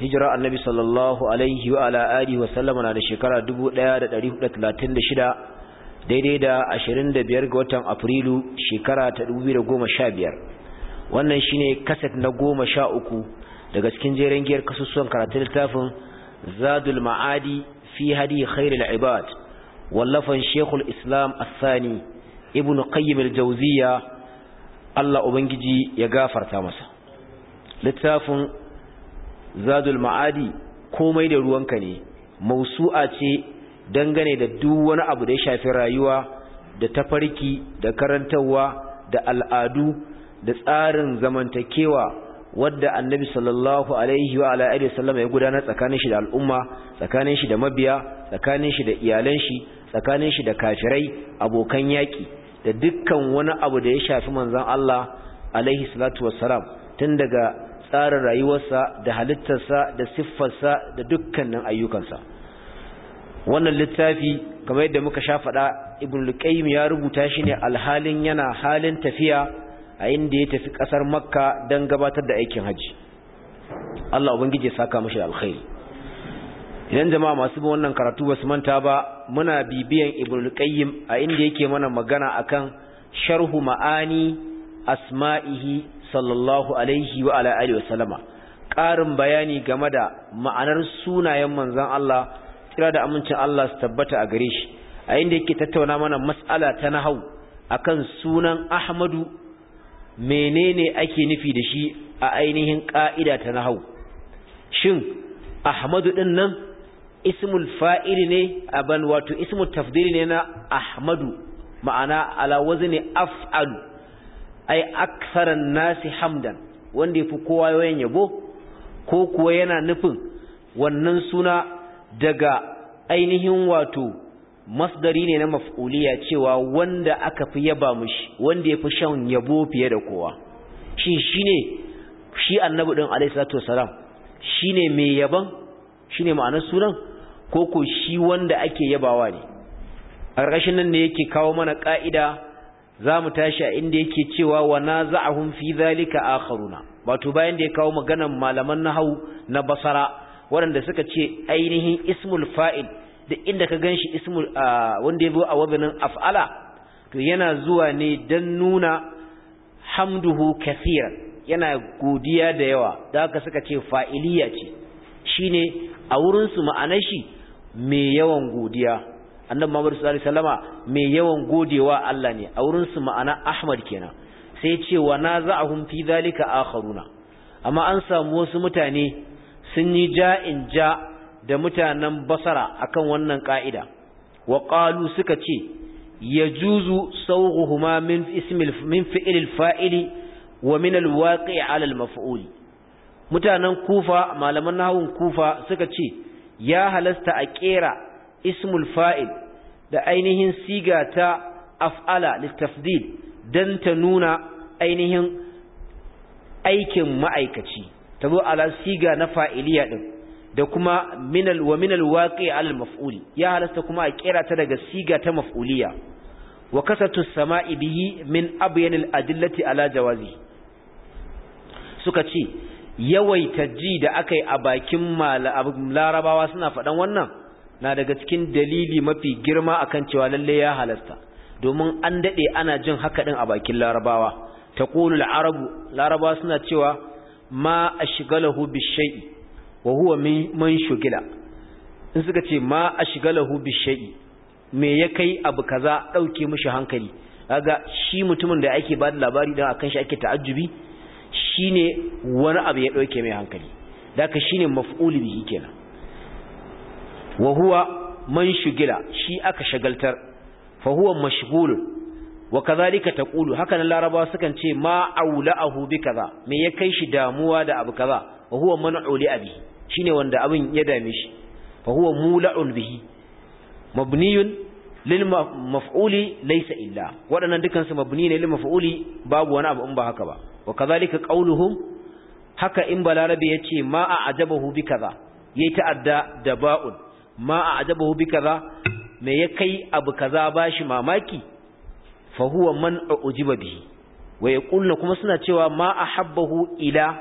hijirar annabi sallallahu alaihi wa ala alihi wa sallama na da shekara 1436 daidai da 25 ga watan afrilu shekara ta 2015 wannan shine kaset na 13 daga cikin jerin giyar kasusuwan karatun littafin zadul ma'adi fi hadi khairul ibad wallafan shekul islam asani ibnu qayyim al-jawziya Allah ubangiji ya gafarta masa littafin zadul ma'adi komai da ruwanka ne mausu'a ce dangane da duk wani abu da ya shafi rayuwa da tafarki da karantarwa da al'adu da tsarin zamantakewa wadda annabi sallallahu alaihi wa ala alihi ya gudanar tsakanin shi da al'umma tsakanin shi da mabiya tsakanin shi da iyalan shi tsakanin shi da kafirai abokan yaki da dukkan wani abu da ya shafi manzon Allah alaihi salatu wassalam tun daga tsarin rayuwarsa da halittarsa da siffarsa da dukkanin ayyukansa wannan littafi kamar yadda muka sha faɗa ibn luqayyim ya rubuta shi ne alhalin yana halin tafiya a inda ya tafi ƙasar makka don gabatar da aikin hajji Allah ubangiji ya saka mashi alkhairi idan jama'a masu bin wannan karatu ba su manta ba muna bibiyan ibn Luqayyim a inda yake mana magana akan sharhu ma'ani asma'ihi sallallahu alaihi wa ala alihi wasallama ƙarin bayani game da ma'anar sunayen manzon Allah kira da amincin Allah su tabbata a gare shi a inda yake tattauna mana mas'ala ta nahau akan sunan Ahmadu menene ake nufi da shi a ainihin ƙa'ida ta nahau shin Ahmadu din nan ismul fa'ili ne aban wato ismul tafdili ne na Ahmadu ma'ana ala wazni af'alu ai aksaran nasi hamdan wanda yafi kowa yawan yabo ko kuwa yana nufin wannan suna daga ainihin wato masdari ne na maf'uliya cewa wanda aka fi yaba mushi wanda yafi shan yabo fiye da kowa shi shine shi annabi din alayhi salatu wasalam shine mai yaban shine ma'anar sunan ko ko shi wanda ake yabawa ne a ƙarƙashin nan ne yake kawo mana ƙa'ida za mu tashi a inda yake cewa wa na naza'ahum fi zalika akharuna wato bayan da ya kawo maganan malaman hau na basara waɗanda suka ce ainihin ismul fa'il da inda ka ganshi ismul wanda ya zo a wazanin af'ala to yana zuwa ne dan nuna hamduhu kaseera yana godiya da yawa da haka suka ce fa'iliya ce shine a wurin su ma'anar shi mai yawan godiya annabi Muhammad sallallahu alaihi wasallama mai yawan godewa Allah ne a wurin su ma'ana Ahmad kenan sai ce wa naza'ahum fi dhalika akharuna amma an samu wasu mutane sun yi ja'in ja da mutanen basara akan wannan ka'ida wa qalu suka ce yajuzu sawghuhuma min ismil min fi'il fa'ili wa min alwaqi' 'ala al-maf'ul mutanen Kufa malaman nahawun Kufa suka ce ya halasta a kera ismul fa'il da ainihin siga ta af'ala littafdil don ta nuna ainihin aikin ma'aikaci ta zo ala siga na fa'iliya ɗin da kuma minal wa minal waƙi al maf'uli ya halasta kuma a ƙera ta daga siga ta maf'uliya wa kasatu sama'i bihi min abyanil adillati ala jawazi suka ce yawaita ji da aka yi a bakin larabawa suna faɗan wannan na daga cikin dalili mafi girma akan cewa lallai ya halasta domin an daɗe ana jin haka din a bakin larabawa Ta taqulul arabu larabawa suna cewa ma ashgalahu bishai wa huwa man shugila in suka ce ma ashgalahu bishai me ya kai abu kaza ɗauke mishi hankali kaga shi mutumin da ake ba da labari a akan shi ake ta'ajjubi shine wani abu ya ɗauke mai hankali daka shine maf'ul bihi kenan wa huwa man shugila shi aka shagaltar fa huwa mashghulun wa kadhalika taqulu haka nan laraba sukan ce ma aula'ahu bi kaza me ya kai shi damuwa da abu kaza wa huwa man abi shine wanda abin ya dame shi fa huwa mula'un bihi mabniyun lil maf'uli laysa illa wadannan dukan su mabni ne lil maf'uli babu wani abu in ba haka ba wa kadhalika qauluhum haka in balarabi yace ma a'jabahu bi kaza yayi ta'adda da ba'un ma a a'jabahu bi kaza me ya kai abu kaza bashi mamaki fa huwa man ujiba bihi wa yaqulna kuma suna cewa ma ahabbahu ila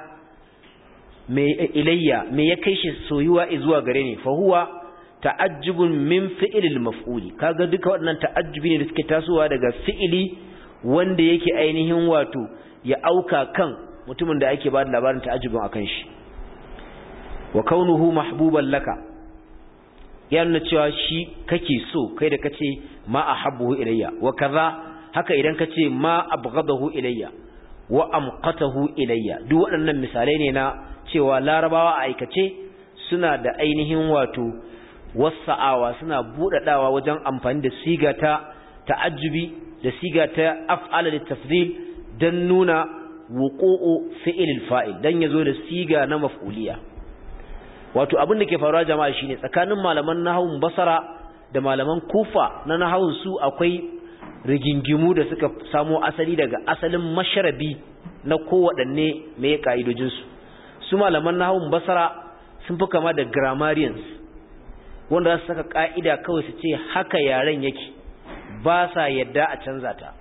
me ilayya me ya kai shi soyuwa zuwa gare ni fa huwa ta'ajjubun min fi'ilil maf'uli kaga duka wannan ta'ajjubi ne da suke tasowa daga fi'ili wanda yake ainihin wato ya auka kan mutumin da ake ba da labarin ta'ajjubin akan shi wa kaunuhu mahbuban laka ya nuna cewa shi kake so kai da kace ma ahabbu ilayya wa kaza haka idan kace ma abghadahu ilayya wa amqatahu ilayya duk waɗannan misalai ne na cewa larabawa a aikace suna da ainihin wato wasa'awa suna budadawa wajen amfani da siga ta ta'ajjubi da siga ta af'ala litafdil dan nuna wuqu'u fi'il fa'il dan yazo da siga na maf'uliya wato abin da ke faruwa jama'a shine tsakanin malaman nahawun basara da malaman kufa na nahawun su akwai rigingimu da suka samo asali daga asalin masharabi na kowaɗanne mai ka'idojinsu su malaman nahawun basara sun fi kama da grammarians wanda za su saka ƙa'ida kawai su ce haka yaren yake ba sa yadda a canza ta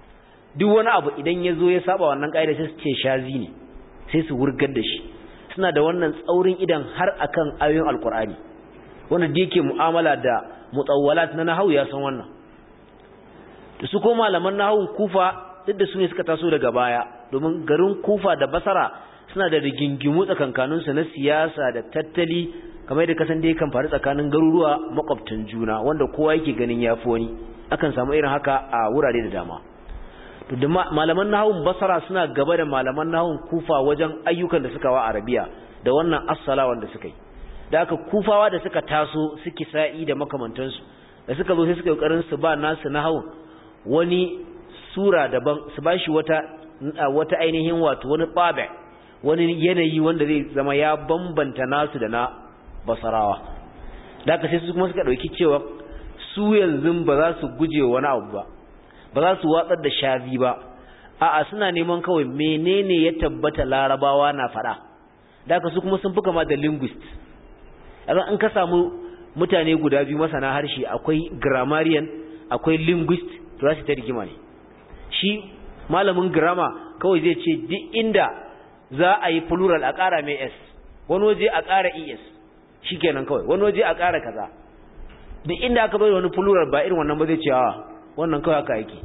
duk wani abu idan ya zo ya saba wannan ƙa'ida, sai su ce shazi ne sai su wurgar da shi suna da wannan tsaurin idan har akan ayoyin alkur'ani wanda da yake mu'amala da mutawwalat na nahawu ya san wannan da su ko malaman nahawun kufa duk da su ne suka taso daga baya domin garin kufa da basara suna da rigingimu tsakankaninsu na siyasa da tattali kamar da kasan da kan faru tsakanin garuruwa makwabtan juna wanda kowa yake ganin yafi wani akan samu irin haka a wurare da dama to da malaman nahawun basara suna gaba da malaman nahawun kufa wajen ayyukan da suka wa arabiya da wannan assala wanda suka yi da aka kufawa da suka taso suke sa'i da makamantansu da suka zo sai suka yi ƙarin su ba nasu nahawun wani sura daban su ba shi wata wata ainihin wato wani ɓaɓe wani yanayi wanda zai zama ya bambanta nasu da na basarawa da aka sai su kuma suka ɗauki cewa su yanzu ba za su guje wani abu ba ba za su watsar da shazi ba a'a suna neman kawai menene ya tabbata larabawa na faɗa da ka su kuma sun fi kama da linguist yanzu in ka samu mutane guda biyu masana harshe akwai grammarian akwai linguist to za su ta rigima ne shi malamin grammar kawai zai ce duk inda za a yi plural a ƙara mai s wani waje a ƙara es shi kenan kawai wani waje a ƙara kaza duk inda aka bai wani plural ba irin wannan ba zai ce a wannan kawai aka aiki.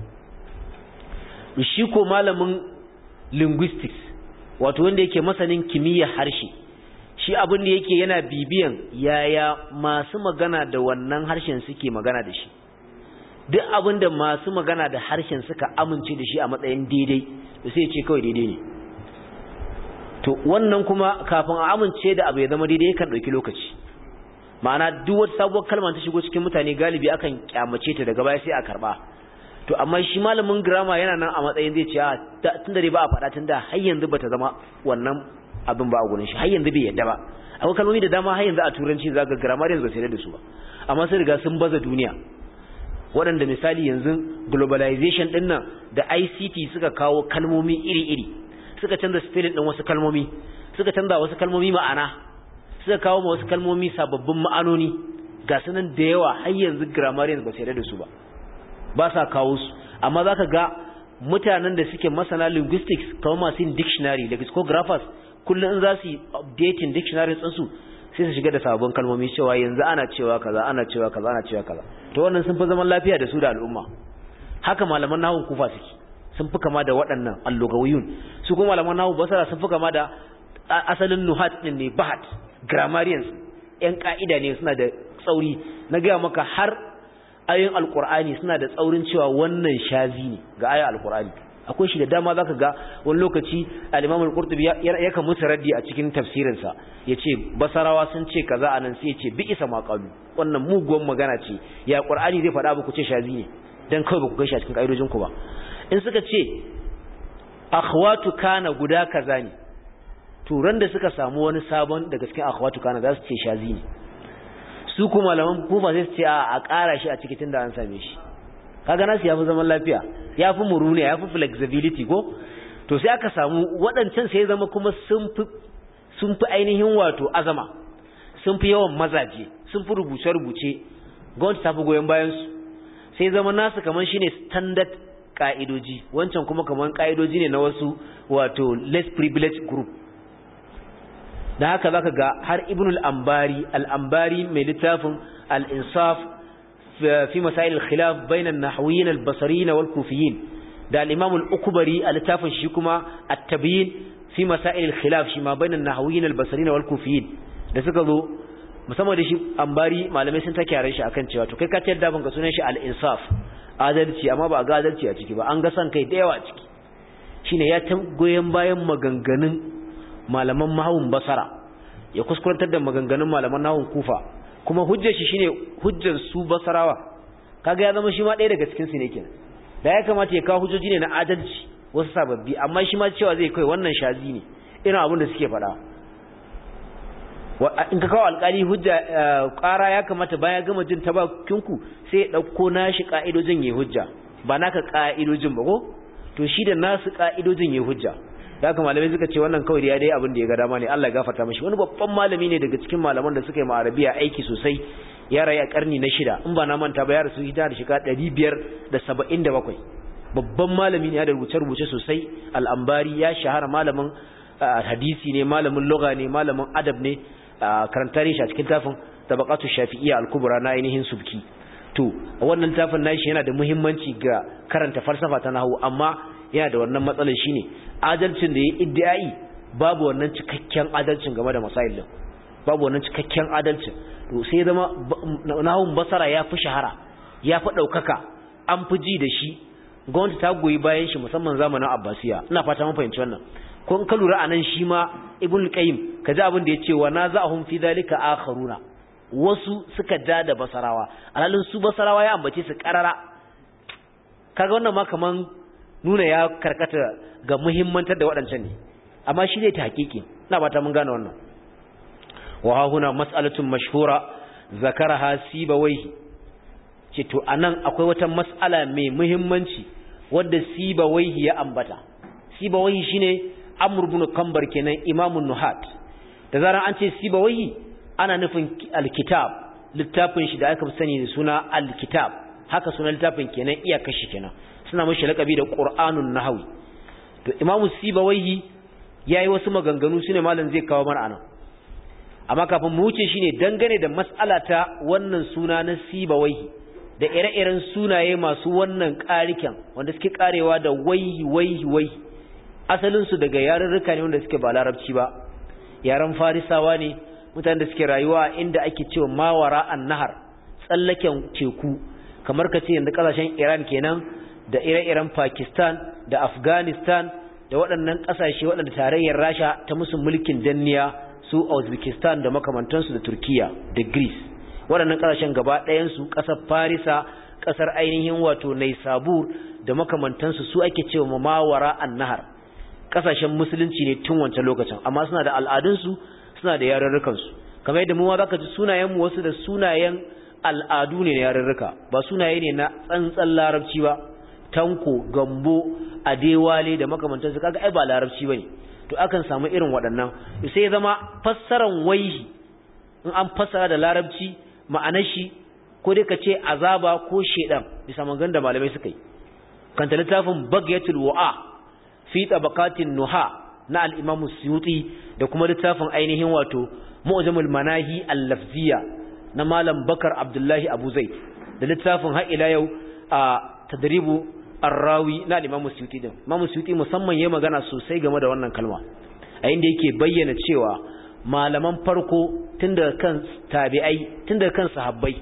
shi ko malamin linguistics wato wanda yake masanin kimiyya harshe shi abin da yake yana bibiyan yaya masu magana da wannan harshen suke magana da shi duk abin da masu magana da harshen suka amince da shi a matsayin daidai da sai ce kawai daidai ne to wannan kuma kafin a amince da abu ya zama daidai kan ɗauki lokaci ma'ana duk wata sabuwar kalma ta shigo cikin mutane galibi akan kyamace ta daga baya sai a karba to amma shi malamin grammar yana nan a matsayin zai ce ah, tun da ba a faɗa tun da har yanzu bata zama wannan abin ba a gurin shi har yanzu bai yadda ba akwai kalmomi da dama har yanzu a turanci zaka grammar yanzu ba sai da su ba amma sun riga sun baza duniya waɗanda misali yanzu globalization din nan da ICT suka kawo kalmomi iri-iri suka canza spelling din wasu kalmomi suka canza wasu kalmomi ma'ana suka kawo ma wasu kalmomi sababbin ma'anoni ga sanan da yawa har yanzu grammarians ba su yarda da su ba ba sa kawo su amma zaka ga mutanen da suke masana linguistics kawo masu yin dictionary da discographers kullum in za su yi updating dictionary tsinsu sai su shiga da sababbin kalmomi cewa yanzu ana cewa kaza ana cewa kaza ana cewa kaza to wannan sun fi zaman lafiya da su da al'umma haka malaman nahwu kufa suke sun fi kama da waɗannan allogawiyun su kuma malaman nahwu basara sun fi kama da asalin nuhat din ne bahat grammarians yan ƙa'ida ne suna da tsauri na gaya maka har ayoyin alkur'ani suna da tsaurin cewa wannan shazi ne ga ayin alkur'ani akwai shi da dama za ka ga wani lokaci al-imam ya kan musu raddi a cikin tafsirinsa ya ce basarawa sun ce kaza nan sai ce bi isa ma qalu wannan muguwan magana ce ya qur'ani zai faɗa ku ce shazi ne don kawai ba ku kai shi a cikin kaidojin ku ba in suka ce akhwatu kana guda kaza ne turan da suka samu wani sabon daga cikin akhwatu kana za su ce shazi ne su kuma malaman kufa sai su ce a kara shi a cikin da an same shi kaga nasu fi zaman lafiya ya fi yafi ya fi flexibility ko to sai aka samu waɗancan sai zama kuma sun fi ainihin wato azama sun fi yawan mazaje sun fi rubuce-rubuce gwamnati ta fi goyon bayansu sai zama nasu kamar ne standard ka'idoji wancan kuma kamar ka'idoji ne na wasu wato less privileged group da haka zaka ga har ibn al-ambari al-ambari mai littafin al-insaf fi masail al-khilaf bayna an-nahwiyin al-basriyin wal-kufiyin da al-imam al-ukbari a littafin shi kuma at-tabyin fi masail al-khilaf shi ma bayna an-nahwiyin al-basriyin wal-kufiyin da suka zo musamman da shi ambari malamai sun ta kyare shi akan cewa to kai ka ta yadda banka sunan shi al-insaf adalci amma ba ga adalci a ciki ba an ga san kai da yawa a ciki shine ya goyen bayan maganganun malaman mahawun basara ya kuskurantar da maganganun malaman nahun kufa kuma hujjar shi shine hujjar su basarawa kaga ya zama shi ma ɗaya daga cikin su ne kenan da ya kamata ya kawo hujjoji ne na adalci wasu sababbi amma shi ma cewa zai kai wannan shazi ne irin abin da suke faɗa in ka kawo alƙali hujja eh, ƙara ya kamata bayan gama jin ta bakinku sai ya ɗauko nashi ƙa'idojin ya hujja ba naka ƙa'idojin ba ko to shi da nasu ƙa'idojin ya hujja da haka malamai suka ce wannan kawai ya dai abin da ya ga dama ne Allah ya gafarta mishi wani babban malami ne daga cikin malaman da suka yi ma'arabiya aiki sosai ya rayu a karni na shida in ba na manta ba ya rasu hita da saba'in da bakwai babban malami ne ya da rubuce-rubuce sosai al'ambari ya shahara malamin hadisi ne malamin loga ne malamin adab ne karanta ne shi a cikin tafin tabaqatu shafi'iyya al-kubra na ainihin subki to wannan tafin nashi yana da muhimmanci ga karanta falsafa ta nahwu amma yana da wannan matsalar shine adalcin da ya iddiai babu wannan cikakken adalcin game da masail babu wannan cikakken adalcin to sai zama nahun basara ya fi shahara ya fi ɗaukaka an fi ji da shi gwamnati ta goyi bayan shi musamman zamanin abbasiya ina fata mun fahimci wannan ko in ka lura anan shi ma ibn qayyim kaji abin da ya ce wa na naza'hum fi zalika akharuna wasu suka da da basarawa alhalin su basarawa ya ambace su karara kaga wannan ma kaman nuna ya karkata ga muhimmantar da waɗancan ne amma shi ne ta hakiki na ba ta mun gane wannan wa huna mas'alatun mashhura zakaraha sibawaihi ce to anan akwai wata matsala mai muhimmanci wanda sibawaihi ya ambata sibawaihi shine amr ibn kambar kenan imamun nuhat da zaran an ce sibawaihi ana nufin alkitab littafin shi da aka sani da suna alkitab haka suna littafin kenan iya kashi kenan suna mashi lakabi da na nahawi to imamu sibawaihi yi wasu maganganu su ne malam zai kawo mana anan amma kafin mu wuce shi ne dangane da matsalata wannan suna na sibawaihi da ire-iren sunaye masu wannan ƙariken wanda suke karewa da waihi waihi waihi Asalinsu daga daga rika ne wanda suke ba larabci ba Yaren farisawa ne mutane da suke rayuwa inda ake cewa mawara an nahar tsallaken teku kamar ka ce yanzu kasashen Iran kenan da ire-iren Pakistan da Afghanistan da waɗannan ƙasashe waɗanda tarayyar Rasha ta musu mulkin danniya su Uzbekistan da makamantansu da Turkiya da Greece waɗannan ƙasashen gaba ɗayansu ƙasar Farisa ƙasar ainihin wato Naisabur da makamantansu su ake cewa mawara annahar ƙasashen musulunci ne tun wancan lokacin amma suna da al'adunsu suna da yarurrukansu kamar yadda mu ma zaka ji sunayen mu wasu da sunayen al'adu ne na yarurruka ba sunaye ne na tsantsan larabci ba tanko gambo adewale da makamantansu kaga ai ba larabci bane to akan samu irin waɗannan sai ya zama fassaran waihi in an fassara da larabci ma'anar shi ko dai ka azaba ko shedan bisa mangan da malamai suka yi kanta littafin bagyatul wa'a fi tabaqatin nuha na al-imam suyuti da kuma littafin ainihin wato mu'jamul manahi al-lafziya na malam bakar abdullahi abu zaid da littafin har ila yau a tadribu arrawi na limamu suyuti din mamu suyuti musamman ya magana sosai game da wannan kalma a inda yake bayyana cewa malaman farko tun daga kan tabi'ai tun daga kan sahabbai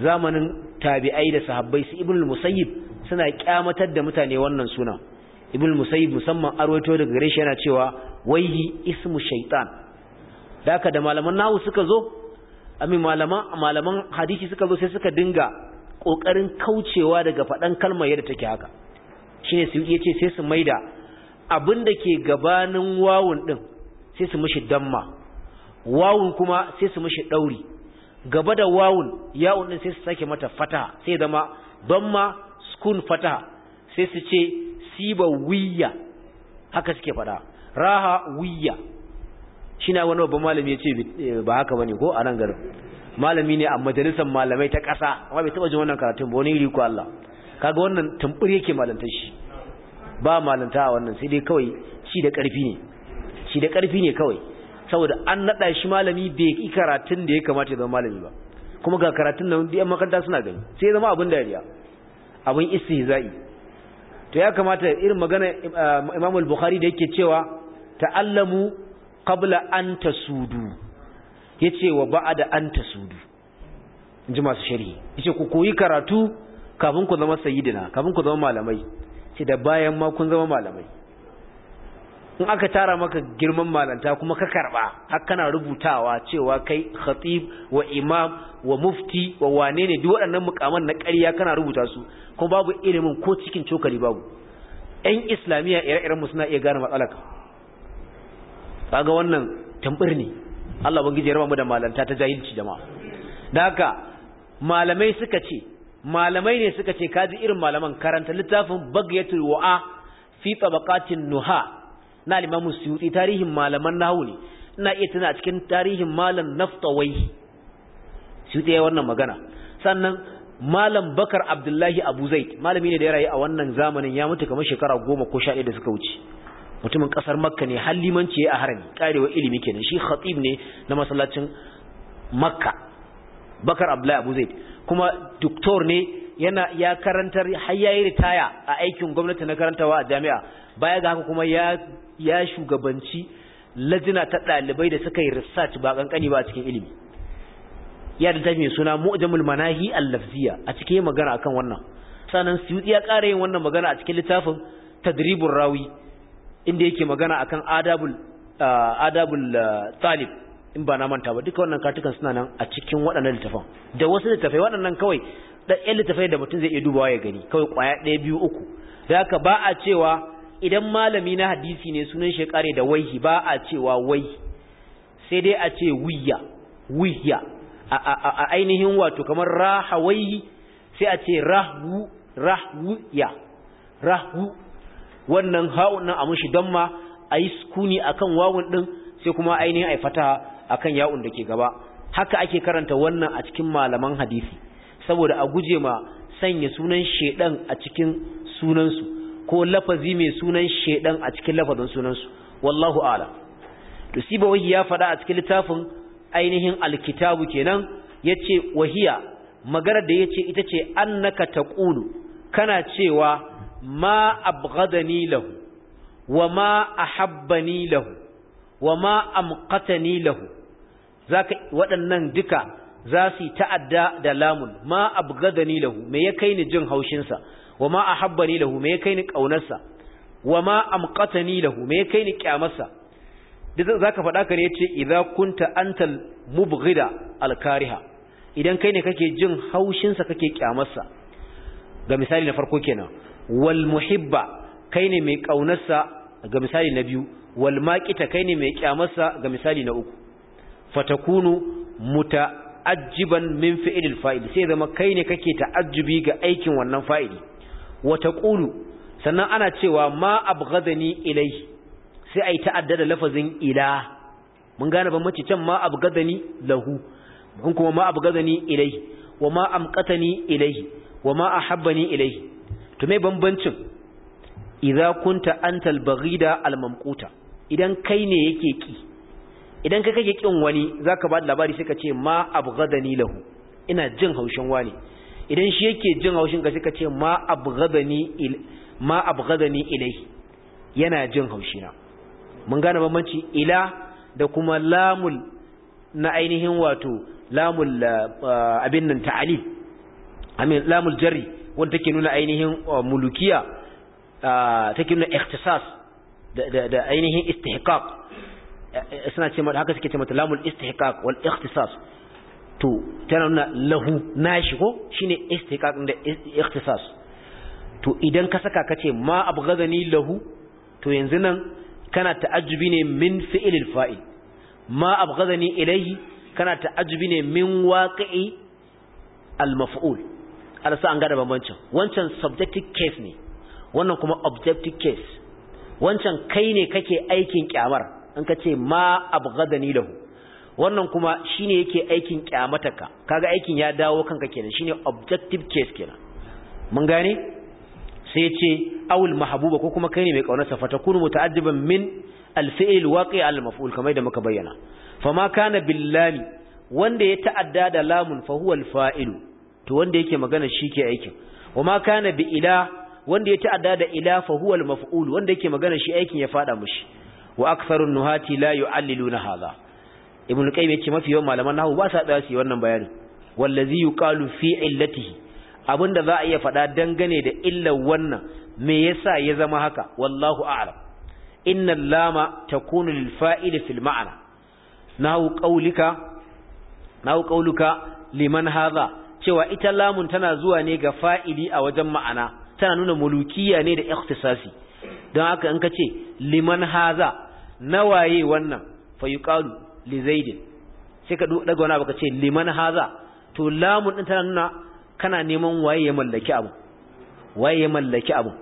zamanin tabi'ai da sahabbai su ibnu musayyib suna kyamatar da mutane wannan suna ibnu musayyib musamman arwato daga gare shi yana cewa waihi ismu shaitan daka da malaman nahu suka zo amin malaman malaman hadisi suka zo sai suka dinga kokarin kaucewa daga faɗan kalmar yadda take haka Shi ne su yace sai su maida abinda ke gabanin wawun din sai su mishi damma wawun kuma sai su mishi dauri gaba da wawun yawun ɗin sai su sake mata fataha sai zama damma sukun fataha sai su ce siba wiyya haka suke faɗa raha wiyya shi na wani babban malami ya ce eh, ba haka bane ko a nan garin malami ne a majalisar malamai ta ƙasa amma bai taɓa jin wannan karatun ba wani riko Allah kaga wannan tumbur yake malanta shi ba malanta a wannan sai dai kawai shi da ƙarfi ne shi da ƙarfi ne kawai saboda an naɗa shi malami bai yi karatun da ya kamata ya zama malami ba kuma ga karatun nan duk makaranta suna gani sai ya zama abin dariya abin istihza'i to ya kamata irin magana eh, Imam al-Bukhari da yake cewa ta'allamu qabla an tasudu Ya ce wa da an ta in inji masu Ya ce ku koyi karatu kafin ku zama sayidina kafin ku zama malamai ce da bayan ma kun zama malamai in aka tara maka girman malanta kuma ka karba har kana rubutawa cewa kai khatib wa imam wa mufti wa wane ne duk waɗannan mukaman na ƙarya kana rubuta su kuma babu ilimin ko cikin cokali babu ɗan islamiyya ire-iren suna iya gane matsalaka ga wannan tambar ne Allah bangiji ya raba mu da malanta ta jahilci jama'a da haka malamai suka ce malamai ne suka ce kaji irin malaman karanta littafin bagyatul wa'a fi tabaqatin nuha na al musyuti tarihin malaman nahwu ne ina iya tana cikin tarihin malam naftawai suyuti ya wannan magana sannan malam bakar abdullahi abu zaid malami ne da ya rayu a wannan zamanin ya mutu kamar shekara goma ko sha da suka wuce mutumin kasar makka ne har limanci a harami karewa ilimi kenan shi khatib ne na masallacin makka bakar abdullahi abu zaid kuma doktor ne yana ya karantar har yayi ritaya a aikin gwamnati na karantawa a jami'a baya ga haka kuma ya ya shugabanci lajina ta dalibai da suka yi research ba kankani ba a cikin ilimi ya da tafi suna mu'jamul manahi al-lafziya a cikin magana akan wannan sanan suyuti ya kare yin wannan magana a cikin littafin tadribur rawi inda yake magana akan adabul adabul talib in ba na manta ba duka wannan katukan suna nan a cikin waɗannan littafan da wasu littafai waɗannan kawai da ɗan littafai da mutum zai iya dubawa ya gani kawai kwaya ɗaya biyu uku da haka ba a cewa idan malami na hadisi ne sunan shi kare da waihi ba a cewa wai sai dai a ce wiya wiya a ainihin wato kamar rahawai sai a ce rahu rahuya rahu wannan ha'un nan a mushi damma ayi sukuni akan wawun ɗin sai kuma ainihin a fataha akan ya'un dake gaba haka ake karanta wannan a cikin malaman hadisi saboda a guje ma sanya sunan shedan a cikin sunansu ko lafazi mai sunan shedan a cikin lafazin sunansu wallahu ala to wahi ya faɗa a cikin littafin ainihin alkitabu kenan yace wahiya magana da yace ita ce annaka taqulu kana cewa ma abghadani lahu wa ma ahabbani lahu wa ma amqatani lahu zaka waɗannan duka za ta'adda da lamun ma abghadani lahu me ya kai ni jin haushin wa ma ahabbani lahu me ya kai ni kaunar wa ma amqatani lahu me ya kai ni kyamar sa zaka faɗa ka ne yace idza antal mubghida alkariha idan kai ne kake jin haushinsa kake ƙyamarsa? ga misali na farko kenan wal muhibba kai ne mai ƙaunarsa ga misali na biyu wal maqita kai ne mai kyamarsa ga misali na uku fatakunu muta'ajjiban min fi'lil fa'il sai zama kai ne kake ta'ajibi ga aikin wannan fa'ili wa sannan ana cewa ma ni ilai sai da ta'addada lafazin ila mun gane mace can ma ni lahu mun kuma ma ni ilai wa ma ni ilai wa ma ni ilai to me bambancin idza kunta antal baghida al mamquta idan kai ne yake ki idan kai kake kin wani zaka ba da labari sai ka ce ma abghadani lahu ina jin haushin wani idan shi yake jin haushin ka sai ka ce ma abghadani il ma abghadani ilai yana jin haushina mun gane bambanci ila da kuma lamul na ainihin wato lamul eh, abin nan ta'alil, amin lamul jarri wanda take nuna ainihin uh, mulukiya uh, take nuna ikhtisas da ainihin istihqaq eh, eh, suna ce mata haka suke ce mata lamul istihqaq wal ikhtisas to tana nuna lahu nashi ko shine istihqaq da ikhtisas to idan ka saka kace ma abghadani lahu to yanzu nan kana ta'ajjubi ne min fi'ilil fa'il ma abghadani ilayhi kana ta'ajjubi ne min waqi'i al maf'ul sa an gada bambancin wancan subjective case ne wannan kuma objective case wancan kai ne kake aikin kyamar in ka ce ma abghadani lahu wannan kuma shine yake aikin kyamataka kaga aikin ya dawo kanka kenan shine objective case kenan mun gane sai ce awul mahbuba ko kuma kai ne mai kaunarsa fatakunu muta'addiban min al waqi' al-maf'ul kamar da muka bayyana fama kana billami wanda ya ta'adda da lamun fa huwa al-fa'ilu to wanda yake magana shi ke aikin Wama kana bi ila wanda ya ta'adda da ila fa huwa al maf'ul wanda yake magana shi aikin ya fada mushi wa aktharun nuhati la yu'alliluna hadha ibn al-qayyim mafi yawan malaman nahwu ba sa tsaya su wannan bayani wallazi yuqalu fi illatihi abinda za a iya fada dangane da illar wannan me yasa ya zama haka wallahu a'lam inna lama takunu lil fa'il fil ma'na nahwu qawlika nahwu qawluka liman hadha cewa ita lamun tana zuwa ne ga fa'ili a wajen ma'ana tana nuna mulukiya ne da ikhtisasi don haka in ka ce liman haza nawaye wannan fa li zaidin sai ka daga wani abu ka ce liman haza to lamun ɗin tana nuna kana neman waye ya mallaki abu waye ya mallaki abu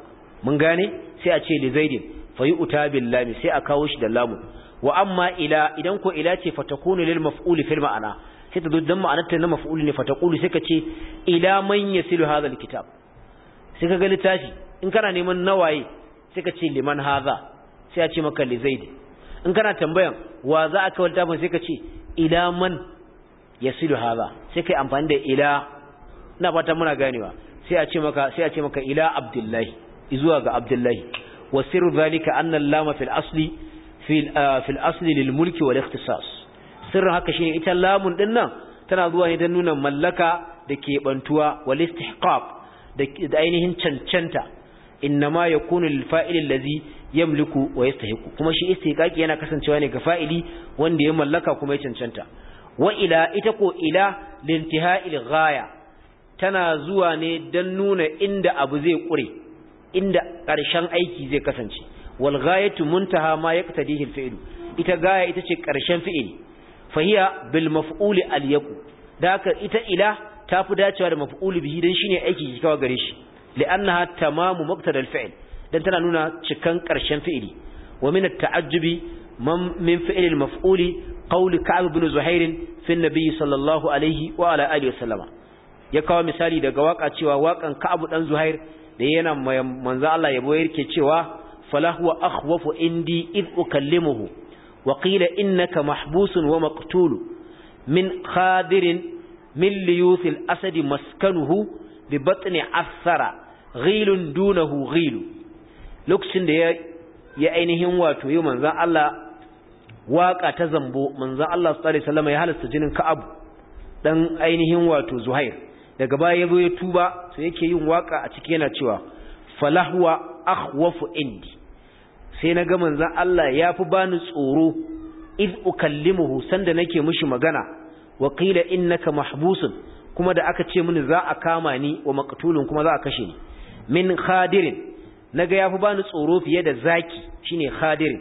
mun gane sai a ce li zaidin fa yu'ta bil sai a kawo shi da lamun wa amma ila idan ko ila ce fatakunu lil maf'uli fil ma'ana sai ta zo dan ma'anar ta na maf'ul ne fataqulu sai ka ce ila man yasilu hadha alkitab sai ka ga litafi in kana neman nawaye sai ka ce liman hadha sai a ce maka li zaid in kana tambayan wa za a wal littafin sai ka ce ila man yasilu hadha sai kai amfani da ila ina fata muna ganewa sai a ce maka sai a ce maka ila abdullahi zuwa ga abdullahi wa sirru zalika anna allama fil asli ah, fil asli lil mulki wal ikhtisas sirrin haka shine ita lamun din nan tana zuwa ne don nuna mallaka da keɓantuwa wal istihqaq da ainihin cancanta innama yakunu lil fa'il allazi yamliku wa yastahiqu kuma shi istihqaqi yana kasancewa ne ga fa'ili wanda ya mallaka kuma ya cancanta wa ila ita ko ila lintiha'il ilgaya tana zuwa ne don nuna inda abu zai ƙure inda ƙarshen aiki zai kasance wal ghayatu muntaha ma yaqtadihi al fi'l ita gaya ita ce ƙarshen fi'ili fahiya bil maf'uli al yaku da haka ita ila ta fi dacewa da maf'uli bihi dan shine aiki ki kawo gare shi li'annaha tamamu muqtada al fi'l dan tana nuna cikan karshen fi'ili wa min at ta'ajjubi min fi'l al maf'uli qawl kab ibn zuhair fi an-nabi sallallahu alaihi wa ala alihi ya kawo misali daga waka cewa wakan kaabu dan zuhair da yana manzo Allah yabo yake cewa falahu wa akhwafu indi id ukallimuhu وقيل إنك محبوس ومقتول من خادر من ليوث الأسد مسكنه ببطن عثر غيل دونه غيل لوكسن ده ya ainihin wato yi manzan Allah waka ta zambo manzan Allah sallallahu alaihi wasallam ya halasta jinin Ka'ab dan ainihin wato Zuhair daga baya yazo ya tuba sai yake yin waka a ciki yana cewa falahwa akhwafu indi sai na ga manzon Allah ya fi bani tsoro iz ukallimuhu sanda nake mishi magana wa qila innaka mahbusun kuma da aka ce mini za a kama ni wa maqtulun kuma za a kashe ni min khadirin naga ya fi bani tsoro fiye da zaki shine khadirin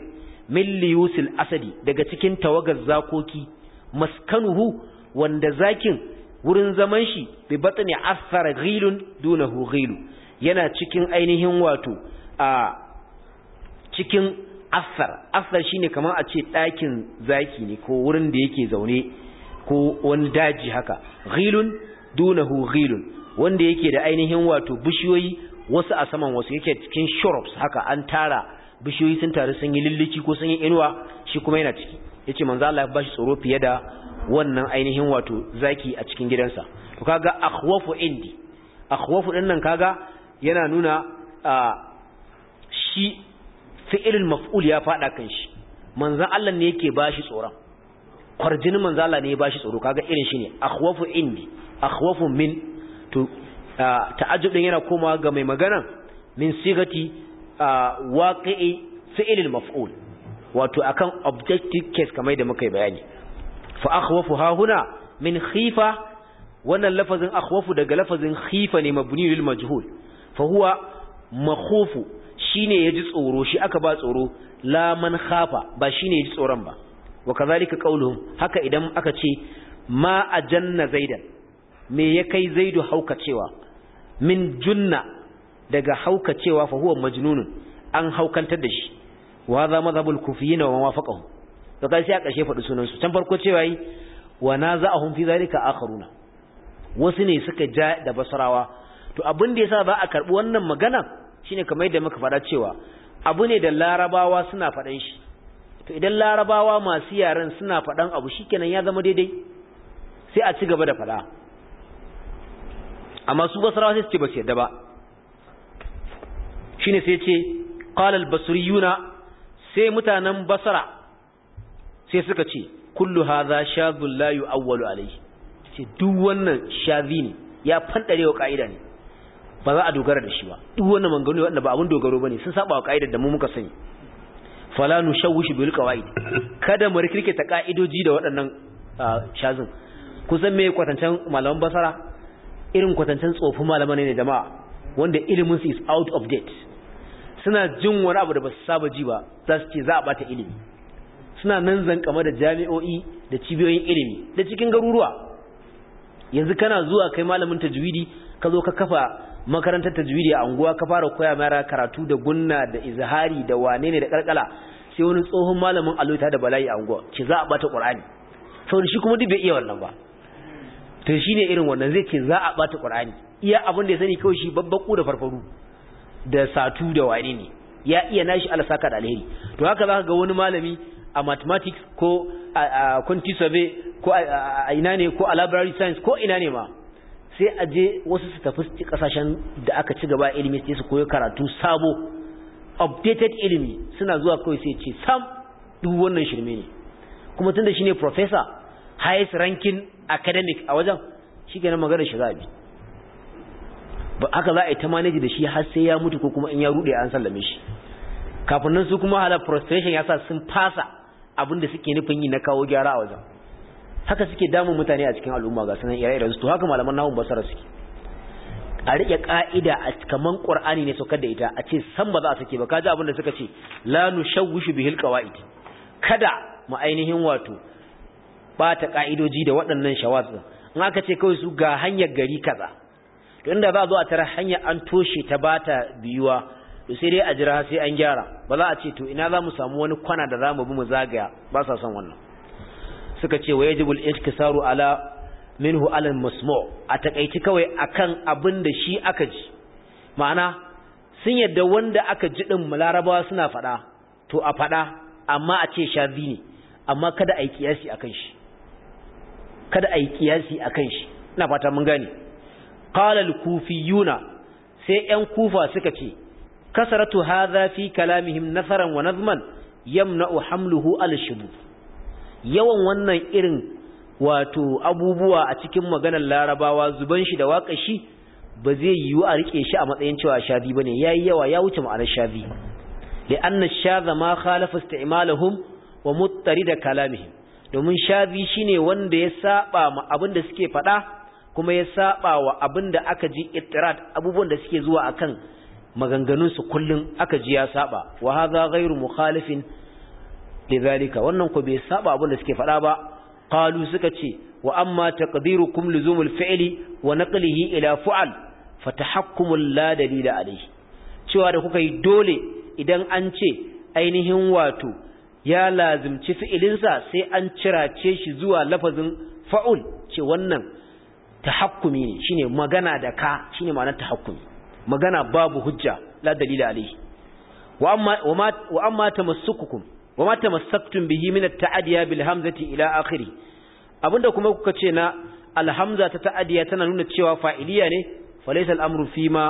min liyusil asadi daga cikin tawagar zakoki maskanuhu wanda zakin wurin zaman shi bi batni asfara ghilun dunahu ghilu yana cikin ainihin wato a cikin asar asar shine kamar a ce ɗakin zaki ne ko wurin da yake zaune ko wani daji haka ghilun dunahu ghilun wanda yake da ainihin wato bishiyoyi wasu a saman wasu yake cikin shrubs haka an tara bishiyoyi sun taru sun yi lilliki ko sun yi inuwa shi kuma yana ciki yace manzo Allah ya bashi tsoro fiye da wannan ainihin wato zaki a cikin gidansa to kaga akhwafu indi akhwafu din nan kaga yana nuna ah, shi fi'ilul maf'ul ya fada kan shi manzon Allah ne yake bashi tsoron kwarjinin manzon Allah ne ya bashi tsoro kaga irin shi ne akhwafu indi akhwafu min to ta'ajjub din yana komawa ga mai magana min sigati waqi'i fi'ilul maf'ul wato akan objective case kamar da muka yi bayani fa akhwafu ha huna min khifa wannan lafazin akhwafu daga lafazin khifa ne mabni lil majhul fa huwa makhufu Shi ne ya ji tsoro shi aka ba tsoro la man khafa ba shine yaji tsoron ba wa kazalika qauluhum haka idan aka ce ma a janna zaidan me ya kai zaidu haukacewa min junna daga haukacewa fa huwa majnunun an haukantar da shi wa za mazhabul kufiyina wa mawafaqahum to kai sai a kashe faɗi sunan su can farko cewa yi wa naza'ahum fi zalika akharuna wasu ne suka ja da basarawa to abin da yasa za a karbi wannan magana shine kamar yadda muka faɗa cewa abu ne da larabawa suna faɗan shi to idan larabawa masu yaren suna faɗan abu shikenan ya zama daidai sai a ci gaba da faɗa amma su basrawa sai su ce ba su yadda ba shine sai ce qala al-basriyuna sai mutanen basara sai suka ce kullu hadha shadhun la yu'awwalu alayhi ce duk wannan shadhi ne ya fandare wa ka'ida ne ba za a dogara da shi ba duk wannan manganu wanda ba abun dogaro bane sun saba wa kaidar da mu muka sani fala shawushi bil qawaid kada mu rikirke ta kaidoji da waɗannan shazin kusan me kwatancan malaman basara irin kwatancan tsofin malaman ne jama'a wanda ilimin su is out of date suna jin wani abu da ba su saba ji ba za su ce za a bata ilimi suna nan zankama da jami'o'i da cibiyoyin ilimi da cikin garuruwa yanzu kana zuwa kai malamin tajwidi ka zo ka kafa makarantar tajwidi a unguwa ka fara koya mara karatu da gunna da izhari da wane ne da kalkala sai wani tsohon malamin alota da bala'i a unguwa ce za a bata qur'ani saboda shi kuma duk bai iya wannan ba to shine irin wannan zai ce za a bata qur'ani iya abin da ya sani kawai shi babbaku da farfaru da satu da wane ya iya nashi alasaka da alheri to haka zaka ga wani malami a mathematics ko a quantity survey ko a ina ne ko a library science ko ina ne ma sai a je wasu su tafi kasashen da aka ci gaba ilimi sai su koyi karatu sabo updated ilimi suna zuwa kawai sai ce sam duk wannan shirme ne kuma tunda ne professor highest ranking academic a wajen shi kenan magana shi za ba haka za a yi ta manage da shi har sai ya mutu ko kuma in ya rude an sallame shi kafin nan su kuma hala frustration ya sa sun fasa abin da suke nufin yi na kawo gyara a wajen haka suke damun mutane a cikin al'umma ga sunan ire da su to haka malaman nahun basara suke a rike ka'ida a kaman qur'ani ne saukar da ita a ce san ba za a sake ba kaji abin da suka ce la nushawwishu bihil qawaid kada mu ainihin wato bata ka'idoji da waɗannan shawaz in aka ce kawai su ga hanyar gari kaza to inda za a zo a tara hanyar an toshe ta bata biyuwa to sai dai a jira sai an gyara ba za a ce to ina za mu samu wani kwana da za mu bi mu zagaya ba sa son wannan suka ce wa jibul ikhtisaru ala minhu ala masmu' a takaici kawai akan abin da shi aka ji ma'ana sun yadda wanda aka ji din larabawa suna faɗa, to a fada amma a ce shazi ne amma kada a yi kiyasi akan shi kada a yi kiyasi akan shi ina fata mun gane qala al-kufiyuna sai yan kufa suka ce kasaratu hadha fi kalamihim nasaran wa nazman yamna'u hamluhu al shubuh yawan wannan irin wato abubuwa a cikin maganar larabawa zuban shi da waka shi ba zai yiwu a rike shi a matsayin cewa shazi bane yayi yawa ya wuce ma'anar shazi li anna shadha ma khalafa isti'malahum wa muttarida kalamihim domin shazi shine wanda ya saba ma abin da suke faɗa kuma ya saba wa abin da aka ji ittirad abubuwan da suke zuwa akan maganganun su kullun aka ji ya saba wa hadha ghairu mukhalifin lidhalika wannan ko bai saba abin da suke faɗa ba qalu suka ce wa amma taqdirukum luzumul fi'li wa naqlihi ila fu'al fatahakkumul la dalila alayhi cewa da kuka yi dole idan an ce ainihin wato ya lazimci fi'ilinsa sai an cirace shi zuwa lafazin fa'ul ce wannan tahakkumi ne shine magana da ka shine ma'anar tahakkumi magana babu hujja la dalila alayhi wa amma wa amma tamassukukum wa ma tamassaktum bihi min at-ta'adiya bil hamzati ila akhiri abinda kuma kuka ce na al ta ta'adiya tana nuna cewa fa'iliya ne falaysa al amru fi ma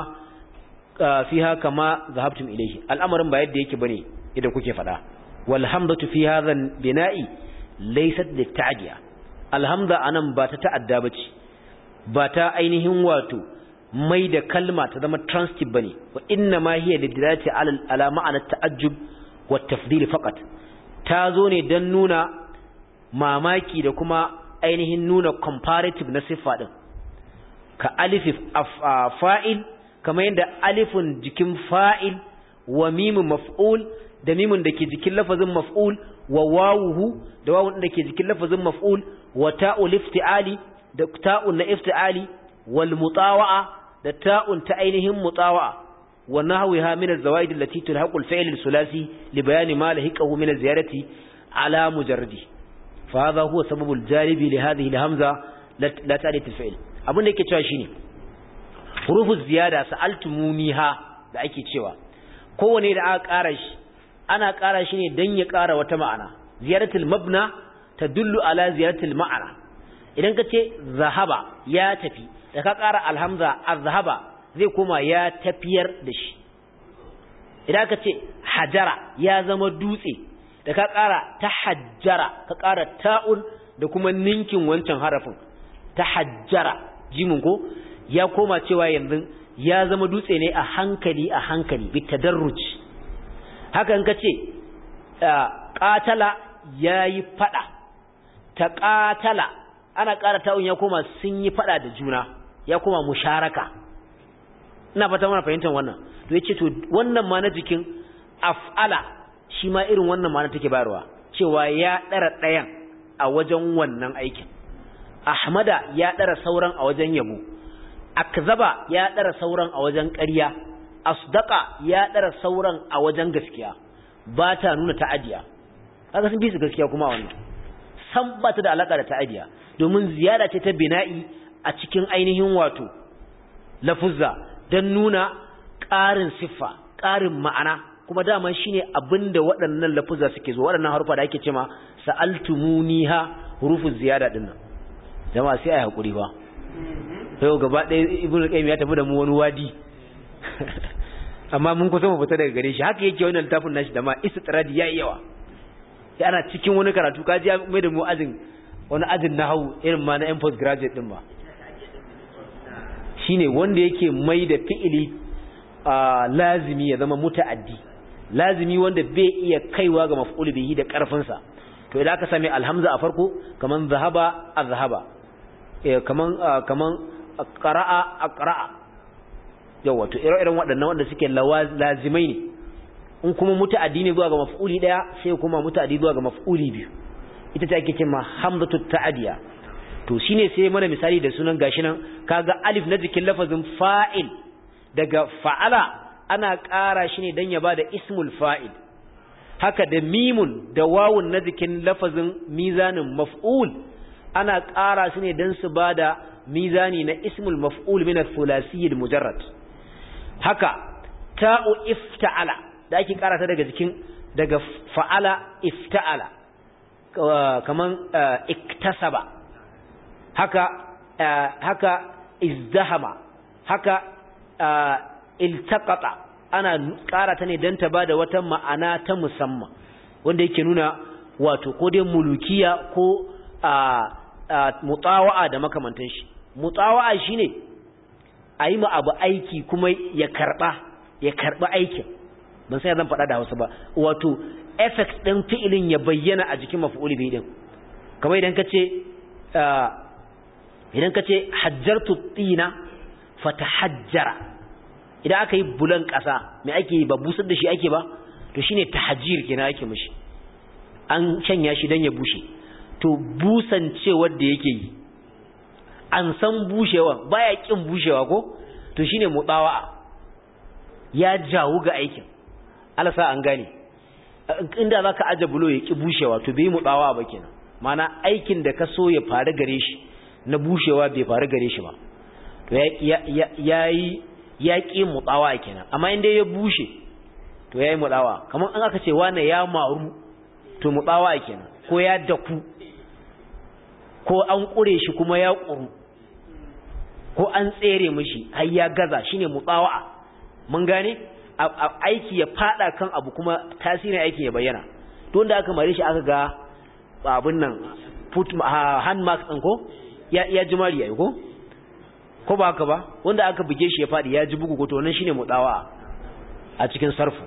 fiha kama zahabtum ilayhi al'amarin ba yadda yake bane idan kuke fada wal hamzatu fi hadha bina'i laysat lit ta'adiya al hamza anan ba ta ta'adda bace ba ta ainihin wato mai da kalma ta zama transitive bane wa inna ma hiya lidilati ala na ta'ajjub wa tafdil faqat ta zo ne don nuna mamaki da kuma ainihin nuna comparative na siffa ɗin ka alif fa'il kamar yadda alifin jikin fa'il wa mimin maf'ul da mimin da ke jikin lafazin maf'ul wa wawuhu da wawun da ke jikin lafazin maf'ul wa ta'ul ifti'ali da ta'un na ifti'ali wal mutawa'a da ta'un ta ainihin mutawa'a wa nahwiha min az-zawaid allati tulhaqu al-fi'l al-thulathi li bayani ma lahiqahu min ziyarati ala mujarradi fa hadha huwa sababu al-jalibi li hadhihi hamza la ta'dit al-fi'l abun da yake cewa shine hurufu ziyada sa'altumuniha da ake cewa kowane da aka ƙara ana ƙara shi ne dan ya ƙara wata ma'ana ziyaratul mabna tadullu ala ziyaratul ma'ana idan ka ce zahaba ya tafi da ka ƙara alhamza azhaba zai koma ya tafiyar da shi idan ka ce hajara ya zama dutse da ka ƙara ta hajjara ka ƙara ta'un da kuma ninkin wancan harafin ta hajjara jimin ko ya koma cewa yanzu ya zama dutse ne a hankali a hankali bi tadarruj haka ka ce ƙatala ya yi faɗa ta ƙatala ana ƙara ta'un ya koma sun yi faɗa da juna ya koma musharaka ina fata mana fahimtar wannan to yace to wannan ma na jikin af'ala shi ma irin wannan ma na take bayarwa cewa ya dara ɗayan a wajen wannan aikin ahmada ya dara sauran a wajen yabo akzaba ya dara sauran a wajen ƙarya asdaqa ya dara sauran a wajen gaskiya ba ta nuna ta'adiya kaga sun bi su gaskiya kuma wannan san ba ta da alaka da ta'adiya domin ziyara ce ta bina'i a cikin ainihin wato lafuzza don nuna ƙarin siffa ƙarin ma'ana kuma dama shine abinda waɗannan lafuzza suke zo waɗannan harufa da ake cema sa'altumuniha hurufun ziyada dinnan jama'a sai a hakuri ba sai gaba ɗaya ibn qayyim ya tafi da mu wani wadi amma mun kusa mu fita daga gare shi haka yake wannan littafin nashi da ma yayi yawa sai ana cikin wani karatu kaji mai da mu azin wani azin hawu irin ma na yan graduate din ba shine wanda yake mai da fi'ili lazimi ya zama muta'addi lazimi wanda bai iya kaiwa ga maf'ul bihi da karfin sa to idan aka sami alhamza a farko kaman zahaba azhaba eh kaman kaman qara'a aqra'a yawa to ire-iren waɗannan wanda suke lazimai ne in kuma muta'addi ne zuwa ga maf'uli daya sai kuma muta'addi zuwa ga maf'uli biyu ita ce ake cewa hamzatut ta'adiya to shine sai mana misali da sunan gashi nan kaga alif na jikin lafazin fa'il daga fa'ala ana ƙara shi ne don ya ba da ismul fa'il haka da mimun da wawun na jikin lafazin mizanin maf'ul ana ƙara su ne don su ba da mizani na ismul maf'ul min al-thulasiyyil mujarrad haka ta'u ifta'ala da ake ƙara ta daga jikin daga fa'ala ifta'ala kaman eh, iktasaba haka eh, haka izdahama haka eh, iltaqata ana ƙara ta ne don ta bada wata ma'ana ta musamman wanda yake nuna wato ko dai mulukiya ko eh, mutawa'a da makamantan shi mutawa'a shine a yi ma abu aiki kuma ya karba ya karba aikin ban sai zan faɗa da Hausa ba wato effect ɗin fi'ilin ya bayyana a jikin maf'ul bihi din kamar idan ka ce idan ka ce hajjar hajjartu fata Hajjara. idan aka yi bulan ƙasa mai ake yi ba busar da shi ake ba to shine tahajir kenan ake mashi. an shanya shi don ya bushe to busancewar da yake yi an san bushewa baya kin bushewa ko to shine mutsawa ya jawo ga aikin alasa an gane inda zaka aje bulo ya ki bushewa to bai mutsawa ba kenan mana aikin da ka so ya faru gare shi na bushewa bai faru gare shi ba to yi ya ki mutsawa kenan amma inda ya bushe to yayi mutsawa kamar an aka ce wani ya maru to mutsawa kenan ko ya daku ko an kure shi kuma ya kuru ko an tsere mishi har ya gaza shine mutsawa mun gane aiki ya fada kan abu kuma tasirin aiki ya bayyana to wanda aka mare shi aka ga abin nan put ah, hand mark ɗin ko ya ya ji mari yayi ko ko ba haka ba wanda aka buge shi ya fadi ya ji bugu ko to wannan shine mutsawa a cikin sarfu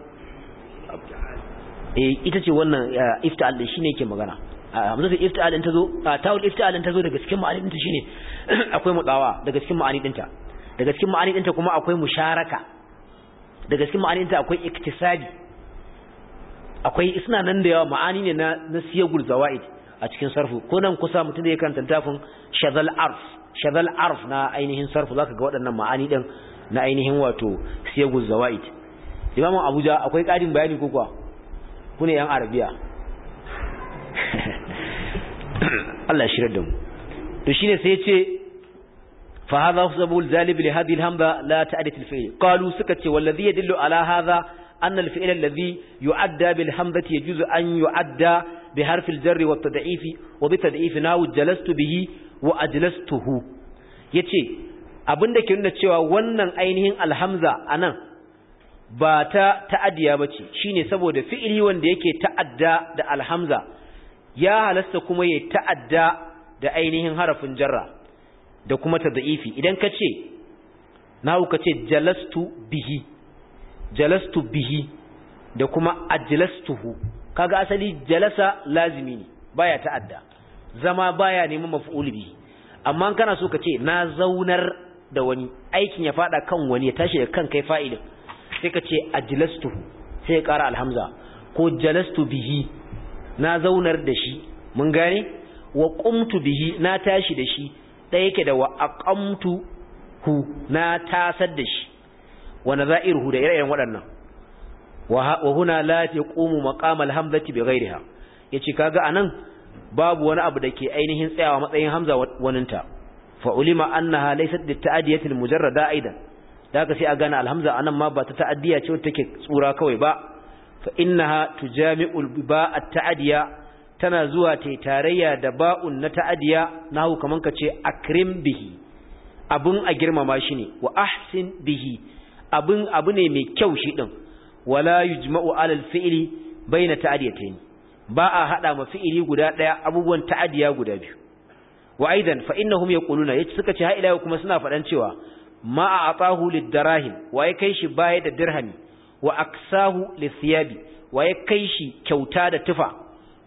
eh ita ce wannan eh, ifta'al din shine yake magana ah, hamzatu ifta'al din tazo ah, tawul ifta'al din tazo daga cikin ma'ani din ta shine akwai mutsawa daga cikin ma'ani din ta daga cikin ma'ani din ta kuma akwai musharaka daga cikin ma'ani din ta akwai iktisadi. akwai suna nan da yawa ma'ani ne na na siyagul zawaid a cikin sarfu ko nan kusa mutum da ya karanta littafin shazal arf shazal arf na ainihin sarfu zaka ga waɗannan ma'ani din na ainihin wato siyagul zawaid Imam Abuja akwai ƙarin bayani ko kuwa ku ne yan Arabiya Allah ya shirar da mu to shine sai ya ce fa hadha sabul zalib li hadhihi alhamza la ta'dit alfi'l qalu suka ce wallazi yadullu ala hadha an alfi'l alladhi yu'adda bil hamzati yajuzu an yu'adda بحرف الجر والتضعيف وبتضعيف ناو جلست به وأجلسته يتي abin da ke nuna cewa wannan ainihin alhamza a nan ba ta ta'addiya bace shine saboda fi'ili wanda yake ta'adda da alhamza ya halasta kuma ya ta'adda da ainihin harafin jarra da kuma tad'ifi idan ka ce nahu ka ce jalastu bihi jalastu bihi da kuma ajlastuhu kaga asali jalasa lazimi ne baya ta'adda zama baya neman maf'ul bi amma kana so ka ce na zaunar da wani aikin ya fada kan wani ya tashi da kan kai fa'ilin sai ka ce sai ya ƙara alhamza ko jalastu bihi na zaunar da shi mun gane wa qumtu bihi na tashi da shi ɗaya yake da wa aqamtu hu na tasar da shi wa nazairuhu da ire-iren waɗannan wa huna la taqumu maqam alhamzati bighairiha yace kaga anan babu wani abu da ke ainihin tsayawa matsayin hamza waninta fa ulima annaha laysat bi ta'diyati almujarrada aidan daga sai a gane alhamza anan ma ba ta ta'addiya ce wacce take tsura kawai ba fa innaha tujami'ul ba at-ta'diya tana zuwa ta tarayya da ba'un na ta'diya nahu kaman kace akrim bihi abun a girmama shi ne wa ahsin bihi abun abu ne mai kyau shi din wala yujma'u alal fi'li baina ta'diyatayn ba a hada ma fi'ili guda daya abubuwan ta'diya guda biyu wa aidan fa innahum yaquluna yace suka ce ha ila kuma suna fadan cewa ma a'tahu lidarahim wa ya kai shi baya da dirhami wa aksahu lithiyabi wa ya kai shi kyauta da tufa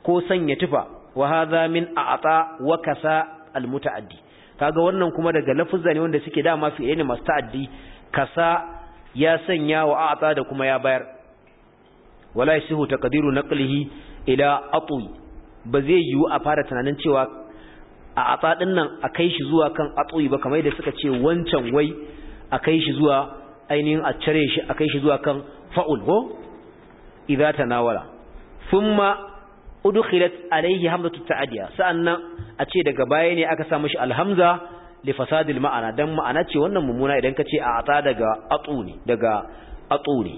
ko sanya tufa wa hadha min a'ta wa kasa almutaaddi kaga wannan kuma daga lafuzza ne wanda suke dama fi ne masu ta'addi kasa ya sanya wa a'ta da kuma ya bayar wala yasihu taqdiru naqlihi ila atwi ba zai yiwu a fara tunanin cewa a a'ta din nan a kai shi zuwa kan atwi ba kamar da suka ce wancan wai a kai shi zuwa ainihin a cire shi a kai shi zuwa kan fa'ul ho idza tanawala thumma udkhilat alayhi hamzatu ta'diya sa'annan a ce daga baya ne aka sa mishi alhamza li fasadil ma'ana dan ma'ana ce wannan mummuna idan kace a ata daga atuni daga atuni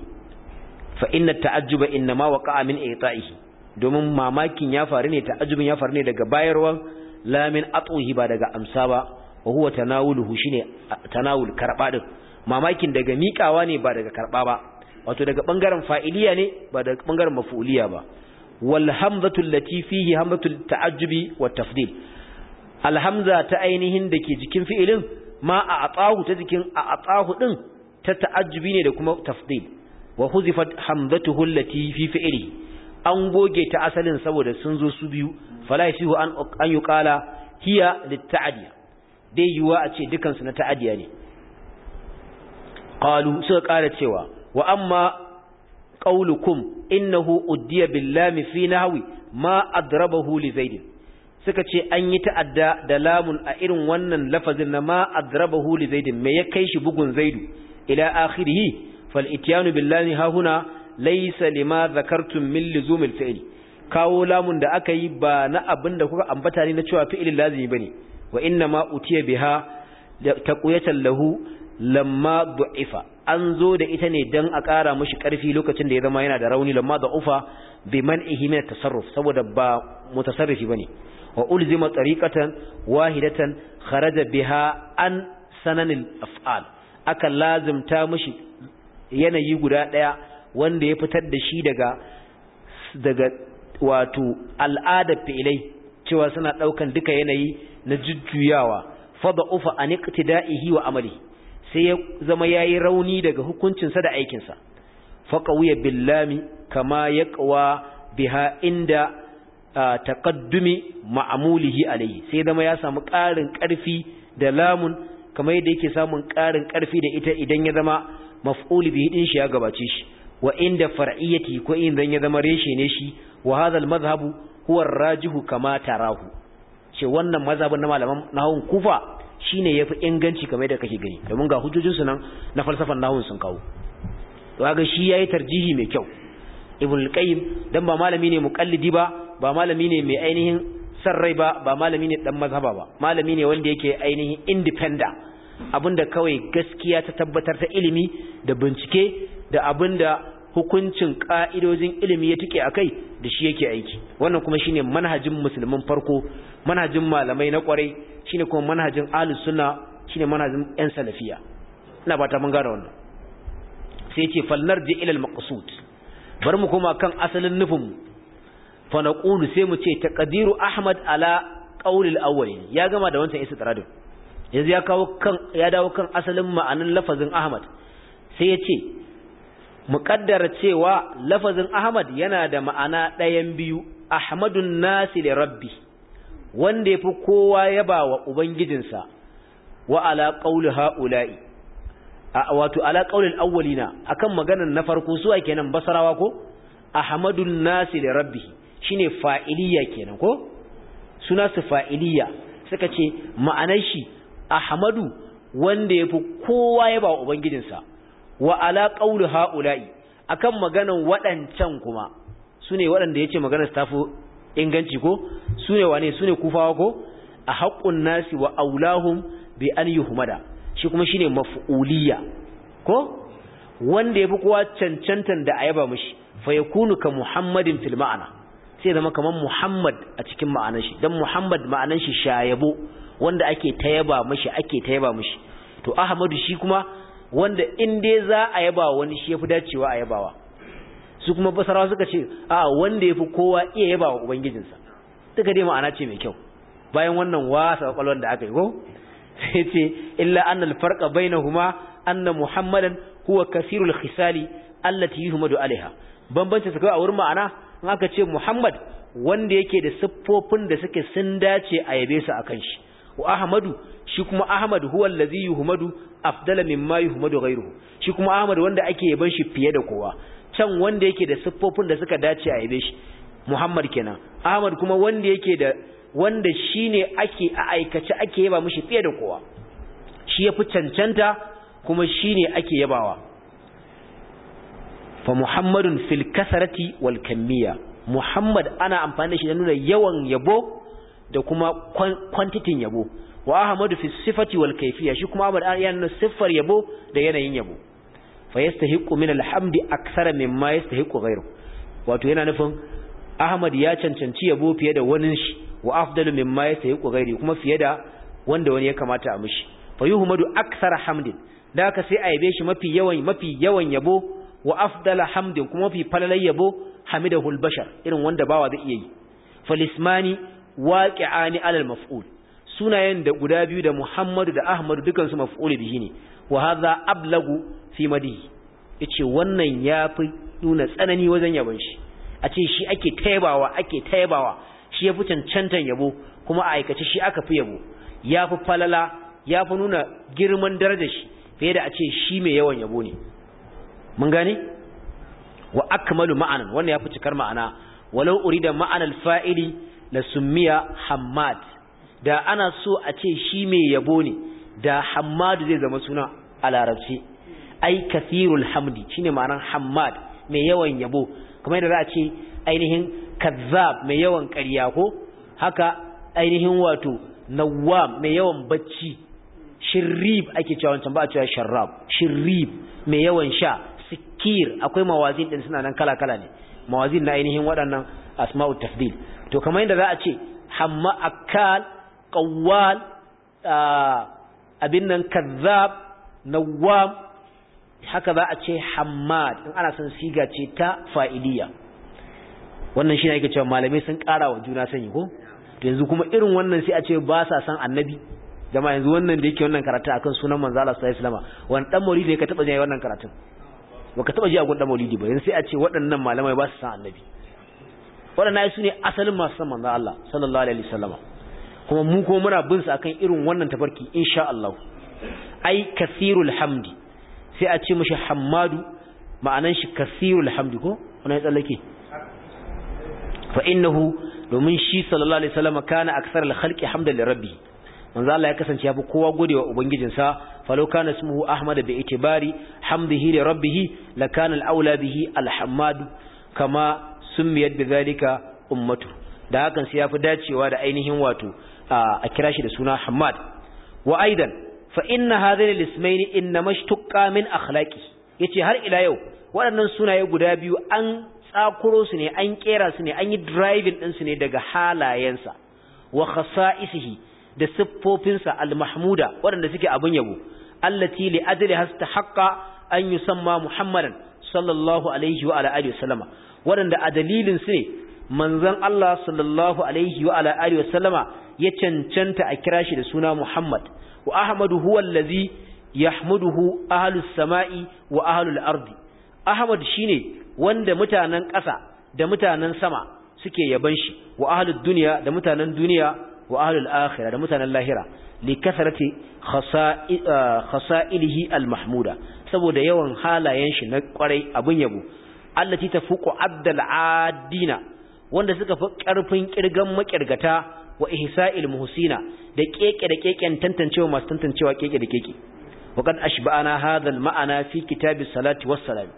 fa inna ta'ajjuba inma waqa'a min ita'ihi domin mamakin ya faru ne ta'ajjubin ya faru ne daga bayarwan la min atuhi ba daga amsa ba wa huwa tanawuluhu shine tanawul karba din mamakin daga miƙawa ne ba daga karba ba wato daga bangaren fa'iliya ne ba daga bangaren maf'uliya ba wal hamzatu allati fihi hamzatul ta'ajjubi wat tafdil alhamza ta ainihin da ke jikin fi'ilin ma a atahu ta jikin a atsahu ɗin ta ta'ajjubi ne da kuma tafdil wa huzifat hamzatu allati fi fi'ili an goge ta asalin saboda sun zo su biyu fala yasihu an yi ƙala hiya ta'adiyya. dai yuwa a ce dukansu na ta'adiya ne su suka ƙara cewa wa amma ƙaulukum innahu uddiya billami fi hawi, ma adrabahu li zaidin suka ce an yi ta'adda da lamun a irin wannan lafazin na ma adrabahu li zaidin me ya kai shi bugun zaidu ila akhirih fal ityanu billahi ha huna laysa lima zakartum min luzumil fi'li kawo lamun da aka yi ba na abin da kuka ambata ne na cewa fi'il lazimi bane wa inna ma utiya biha taqwiyatan lahu lamma du'ifa an zo da ita ne dan a ƙara mishi ƙarfi lokacin da ya zama yana da rauni lamma du'ifa bi man'ihi min tasarruf saboda ba mutasarrifi bane wa ulzima tariqatan wahidatan kharaja biha an sananil af'al aka lazimta mashi yanayi guda daya wanda ya fitar da shi daga daga wato al'adar fi'ilai cewa suna daukan duka yanayi na jujjuyawa fada ufa an iqtida'ihi wa amali sai ya zama yayi rauni daga hukuncinsa da aikinsa faqawiya billami kama yaqwa biha inda taqaddumi ma'amulihi alayhi sai zama ya samu ƙarin ƙarfi da lamun kamar yadda yake samun ƙarin ƙarfi da ita idan ya zama maf'ul bihi din shi ya gabace shi wa inda far'iyyati ko idan ya zama reshe ne shi wa mazhabu madhhabu huwa ar-rajihu kama tarahu ce wannan mazhabin na malaman nahawun kufa shine yafi inganci kamar yadda kake gani domin ga hujjojin su nan na falsafan nahawun sun kawo to kaga shi yayi tarjihi mai kyau ibn al-qayyim dan ba malami ne muqallidi ba ba malami ne mai ainihin san rai ba ba malami ne dan mazhaba ba malami ne wanda yake ainihin independent abinda kawai gaskiya ta tabbatar ta ilimi da bincike da abinda hukuncin ka'idojin ilimi ya tike akai da shi yake aiki wannan kuma shine manhajin musulmin farko manhajin malamai na kwarai shine kuma manhajin ahlus sunna shine manhajin yan salafiya ina ta mun gara wannan sai ce falnarji ila al-maqsud bar mu koma kan asalin nufin mu fa sai mu ce taƙadiru ahmad ala qawlil awwali ya gama da wancan istidradin yanzu ya kawo kan ya dawo kan asalin ma'anin lafazin ahmad sai ya ce muqaddara cewa lafazin ahmad yana da ma'ana ɗayan biyu ahmadun nasi da rabbi wanda fi kowa yaba wa ubangijinsa wa ala qawli haula'i wato ala awwali na akan maganar na farko su kenan basarawa ko ahmadun nasi da rabbihi shine fa'iliya kenan ko suna su fa'iliya suka ce ma'anar shi ahmadu wanda yafi kowa ya ba ubangijinsa wa ala qawli haula'i akan maganan waɗancan kuma sune waɗanda yace maganar tafi inganci ko sune wane sune kufawa ko a haqqun nasi wa aulahum bi an yuhmada shi kuma shine maf'uliya ko wanda yafi kowa cancantan da ayaba mishi fa yakunu ka muhammadin fil ma'ana sai zama kamar Muhammad a cikin ma'anar shi dan Muhammad ma'anar shi shayabo wanda ake tayaba mishi ake tayaba mishi to Ahmadu shi kuma wanda in dai za a yaba wani shi yafi dacewa a yabawa su kuma basarawa suka ce a wanda yafi kowa iya yabawa sa duka dai ma'ana ce mai kyau bayan wannan wasa kwalwan da aka yi ko sai ce illa annal farqa bainahuma anna muhammadan huwa kasirul khisali allati yuhmadu alaiha bambancin su kai a wurin ma'ana in aka ce Muhammad wanda yake da siffofin da suke sun dace a yabe su akan shi wa Ahmadu shi kuma Ahmad huwa allazi yuhmadu afdala mimma yuhmadu ghayruhu shi kuma Ahmad wanda ake yaban shi fiye da kowa can wanda yake da siffofin da suka dace a yabe shi Muhammad kenan Ahmad kuma wanda yake da wanda shine ake a aikace ake yaba mishi fiye da kowa shi yafi cancanta kuma shine ake yabawa fa muhammadun fil kasarati wal kamiyya muhammad ana amfani da shi don nuna yawan yabo da kuma kwantitin yabo wa ahmadu fi sifati wal kayfiyya shi kuma ahmad ya nuna siffar yabo da yanayin yabo fa yastahiqu min alhamdi akthara mimma yastahiqu ghayru wato yana nufin ahmad ya cancanci yabo fiye da wani shi wa afdalu mimma yastahiqu ghayri kuma fiye da wanda wani ya kamata a mishi fa yuhmadu akthara hamdin da sai a yabe shi mafi yawan mafi yawan yabo wa afdala hamdin kuma fi falalai yabo Hamida Hulbashar, irin wanda bawa zai iya yi falismani waqi'ani alal maf'ul sunayen da guda biyu da Muhammadu da Ahmadu dukan su maf'ul bihi ne wa hadha ablagu fi madihi yace wannan yafi nuna tsanani wajen yabon shi a ce shi ake taibawa ake taibawa shi yafi cancantan yabo kuma a aikace shi aka fi yabo yafi falala yafi nuna girman darajar shi fiye da a ce shi mai yawan yabo ne mun gani wa akmalu ma'anan wannan ya fi cikar ma'ana walau urida ma'anal fa'ili la summiya hammad da ana so a ce shi mai yabo ne da hammad zai zama suna a larabci ai kathirul hamdi shine ma'anar hammad mai yawan yabo kamar yadda za a ce ainihin kazzab mai yawan ƙarya ko haka ainihin wato nawwam mai yawan bacci shirrib ake cewa wancan ba a cewa sharrab shirrib mai yawan sha sikir akwai mawazin din suna nan kala kala ne mawazin na ainihin waɗannan asma'ul tafdil to kamar yadda za a ce hamma akal qawwal abin nan kazzab nawwam haka za a ce hammad in ana son siga ce ta fa'iliya wannan shi ne ake cewa malamai sun ƙara wa juna sani ko to yanzu kuma irin wannan sai a ce ba sa san annabi jama'a yanzu wannan da yake wannan karatu akan sunan manzo Allah sallallahu alaihi wasallam wani dan ne ka taba jin wannan karatun baka taba ji a gunda maulidi ba yanzu sai a ce waɗannan malamai ba su san annabi waɗannan su ne asalin masu san manzon Allah sallallahu alaihi wasallama kuma mu kuma muna bin su akan irin wannan tafarki insha Allah ai kasirul hamdi sai a ce mishi hammadu ma'anan shi kasirul hamdi ko wannan ya tsallake fa innahu domin shi sallallahu alaihi wasallama kana aksarul khalqi hamdan lirabbi manzo Allah ya kasance ya fi kowa godewa ubangijinsa falau kana ismuhu ahmad bi itibari hamdihi li rabbih la kana al-aula bihi al kama sumiyat bidhalika ummatu da hakan sai ya dacewa da ainihin wato a kira shi da suna hammad wa aidan fa inna hadhaini al-ismayn innama min akhlaqi yace har ila yau waɗannan sunaye guda biyu an tsakuro su ne an kera su ne an yi driving din su ne daga halayensa wa khasa'isihi da siffofinsa al-mahmuda waɗanda suke abin yabo allati li ajli hastahaqqa an yusamma muhammadan sallallahu alaihi wa ala alihi wasallama waɗanda a dalilin su ne manzon Allah sallallahu alaihi wa ala alihi wasallama ya cancanta a kira shi da suna muhammad wa ahmadu huwa allazi yahmuduhu ahlus samai wa ahlul ardi ahmad shine wanda mutanen ƙasa da mutanen sama suke yaban shi wa ahlud duniya da mutanen duniya wa ahlul akhirah da mutanen lahira li kasarati eh, khasa'ilihi al-mahmuda saboda yawan halayen shi na kwarai abun yabo allati tafuqu abdal adina wanda suka fi karfin kirgan makirgata wa ihsa'il muhsina da keke da keken tantancewa masu tantancewa keke da keke وقد أشبعنا هذا المعنى في كتاب الصلاة والسلام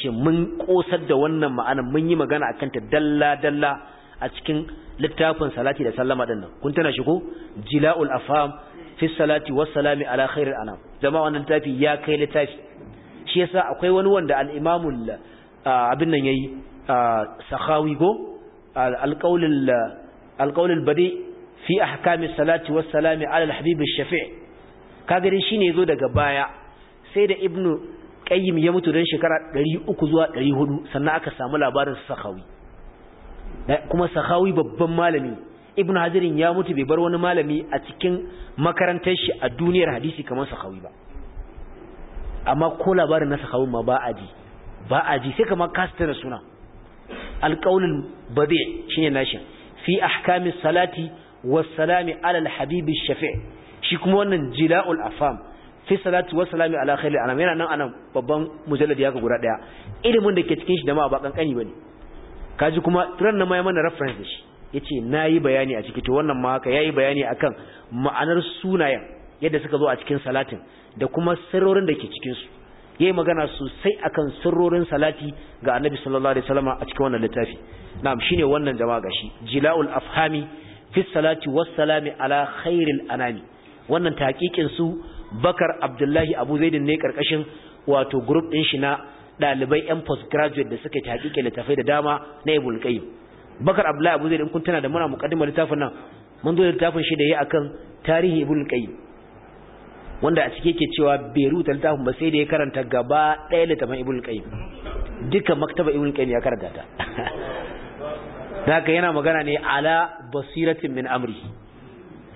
ce mun kosar da wannan ma'ana mun yi magana akan ta dalla dalla a cikin littafin salati da sallama din nan kun tana shi ko jila'ul afham fi salati was salami ala khairil anam jama'a wannan tafi ya kai littafi shi yasa akwai wani wanda al-imamu abin nan yayi sakhawi go al-qawl al badi fi ahkami salati was salami ala al-habib ash-shafi' kaga dai shine yazo daga baya sai da ibnu qayyim ya mutu dan shekara 300 zuwa 400 sannan aka samu labarin sahawi Eh, kuma sahawi babban malami ibn hazirin ya mutu bai bar wani malami a cikin makarantar shi a duniyar hadisi kamar sahawi ba amma ko labarin na sahawi ma ba a ji ba a ji sai kamar kasta da suna alƙaunin babe shine nashi fi ahkamin salati wa salami alal habibi shafi shi kuma wannan jila'ul afam fi salati wa salami ala khairil anam yana nan anan babban mujallar ya ga guda daya ilimin da ke cikin shi da ma ba kankani bane kaji kuma ran na mai mana reference da shi yace nayi bayani a ciki to wannan ma haka yayi bayani akan ma'anar sunayen yadda suka zo a cikin salatin da kuma sirrorin da ke cikin su yayi magana sosai akan sirrorin salati ga Annabi sallallahu alaihi wasallam a cikin wannan littafi na'am shine wannan jama'a gashi jilaul afhami fi salati wassalami ala khairil anami wannan tahqiqin su Bakar Abdullahi Abu Zaidin ne karkashin wato group din shi na dalibai yan postgraduate da suka ta hakike littafai da dama na ibul qayyim bakar abdullahi abu zaid kun tana da muna muƙaddimar littafin nan mun zo da littafin shi da ya akan tarihi ibul qayyim wanda a cike yake cewa bai rubuta littafin ba sai da ya karanta gaba ɗaya littafin ibul qayyim Dukkan maktaba ibul qayyim ya karanta ta da haka yana magana ne ala basiratin min amri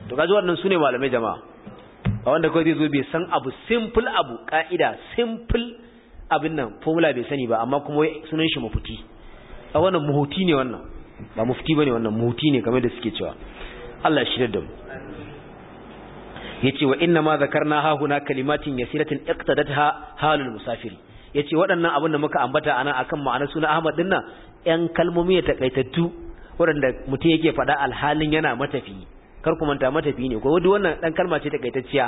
to kaji wannan sune malamai jama'a a wanda kawai zai zo bai san abu simple abu ka'ida simple abin nan formula bai sani ba amma kuma sunan shi mafuti a wannan muhuti ne wannan ba mufti bane wannan muhuti ne kamar da suke cewa Allah shi da mu yace wa inna ma zakarna ha huna kalimatin yasiratin iqtadatha halul musafiri yace waɗannan abin da muka ambata anan akan ma'anar sunan Ahmad dinnan yan kalmomi ya takaitattu waɗanda mutum yake faɗa alhalin yana matafi kar ku manta matafi ne ko wani wannan ɗan kalma ce taƙaitacciya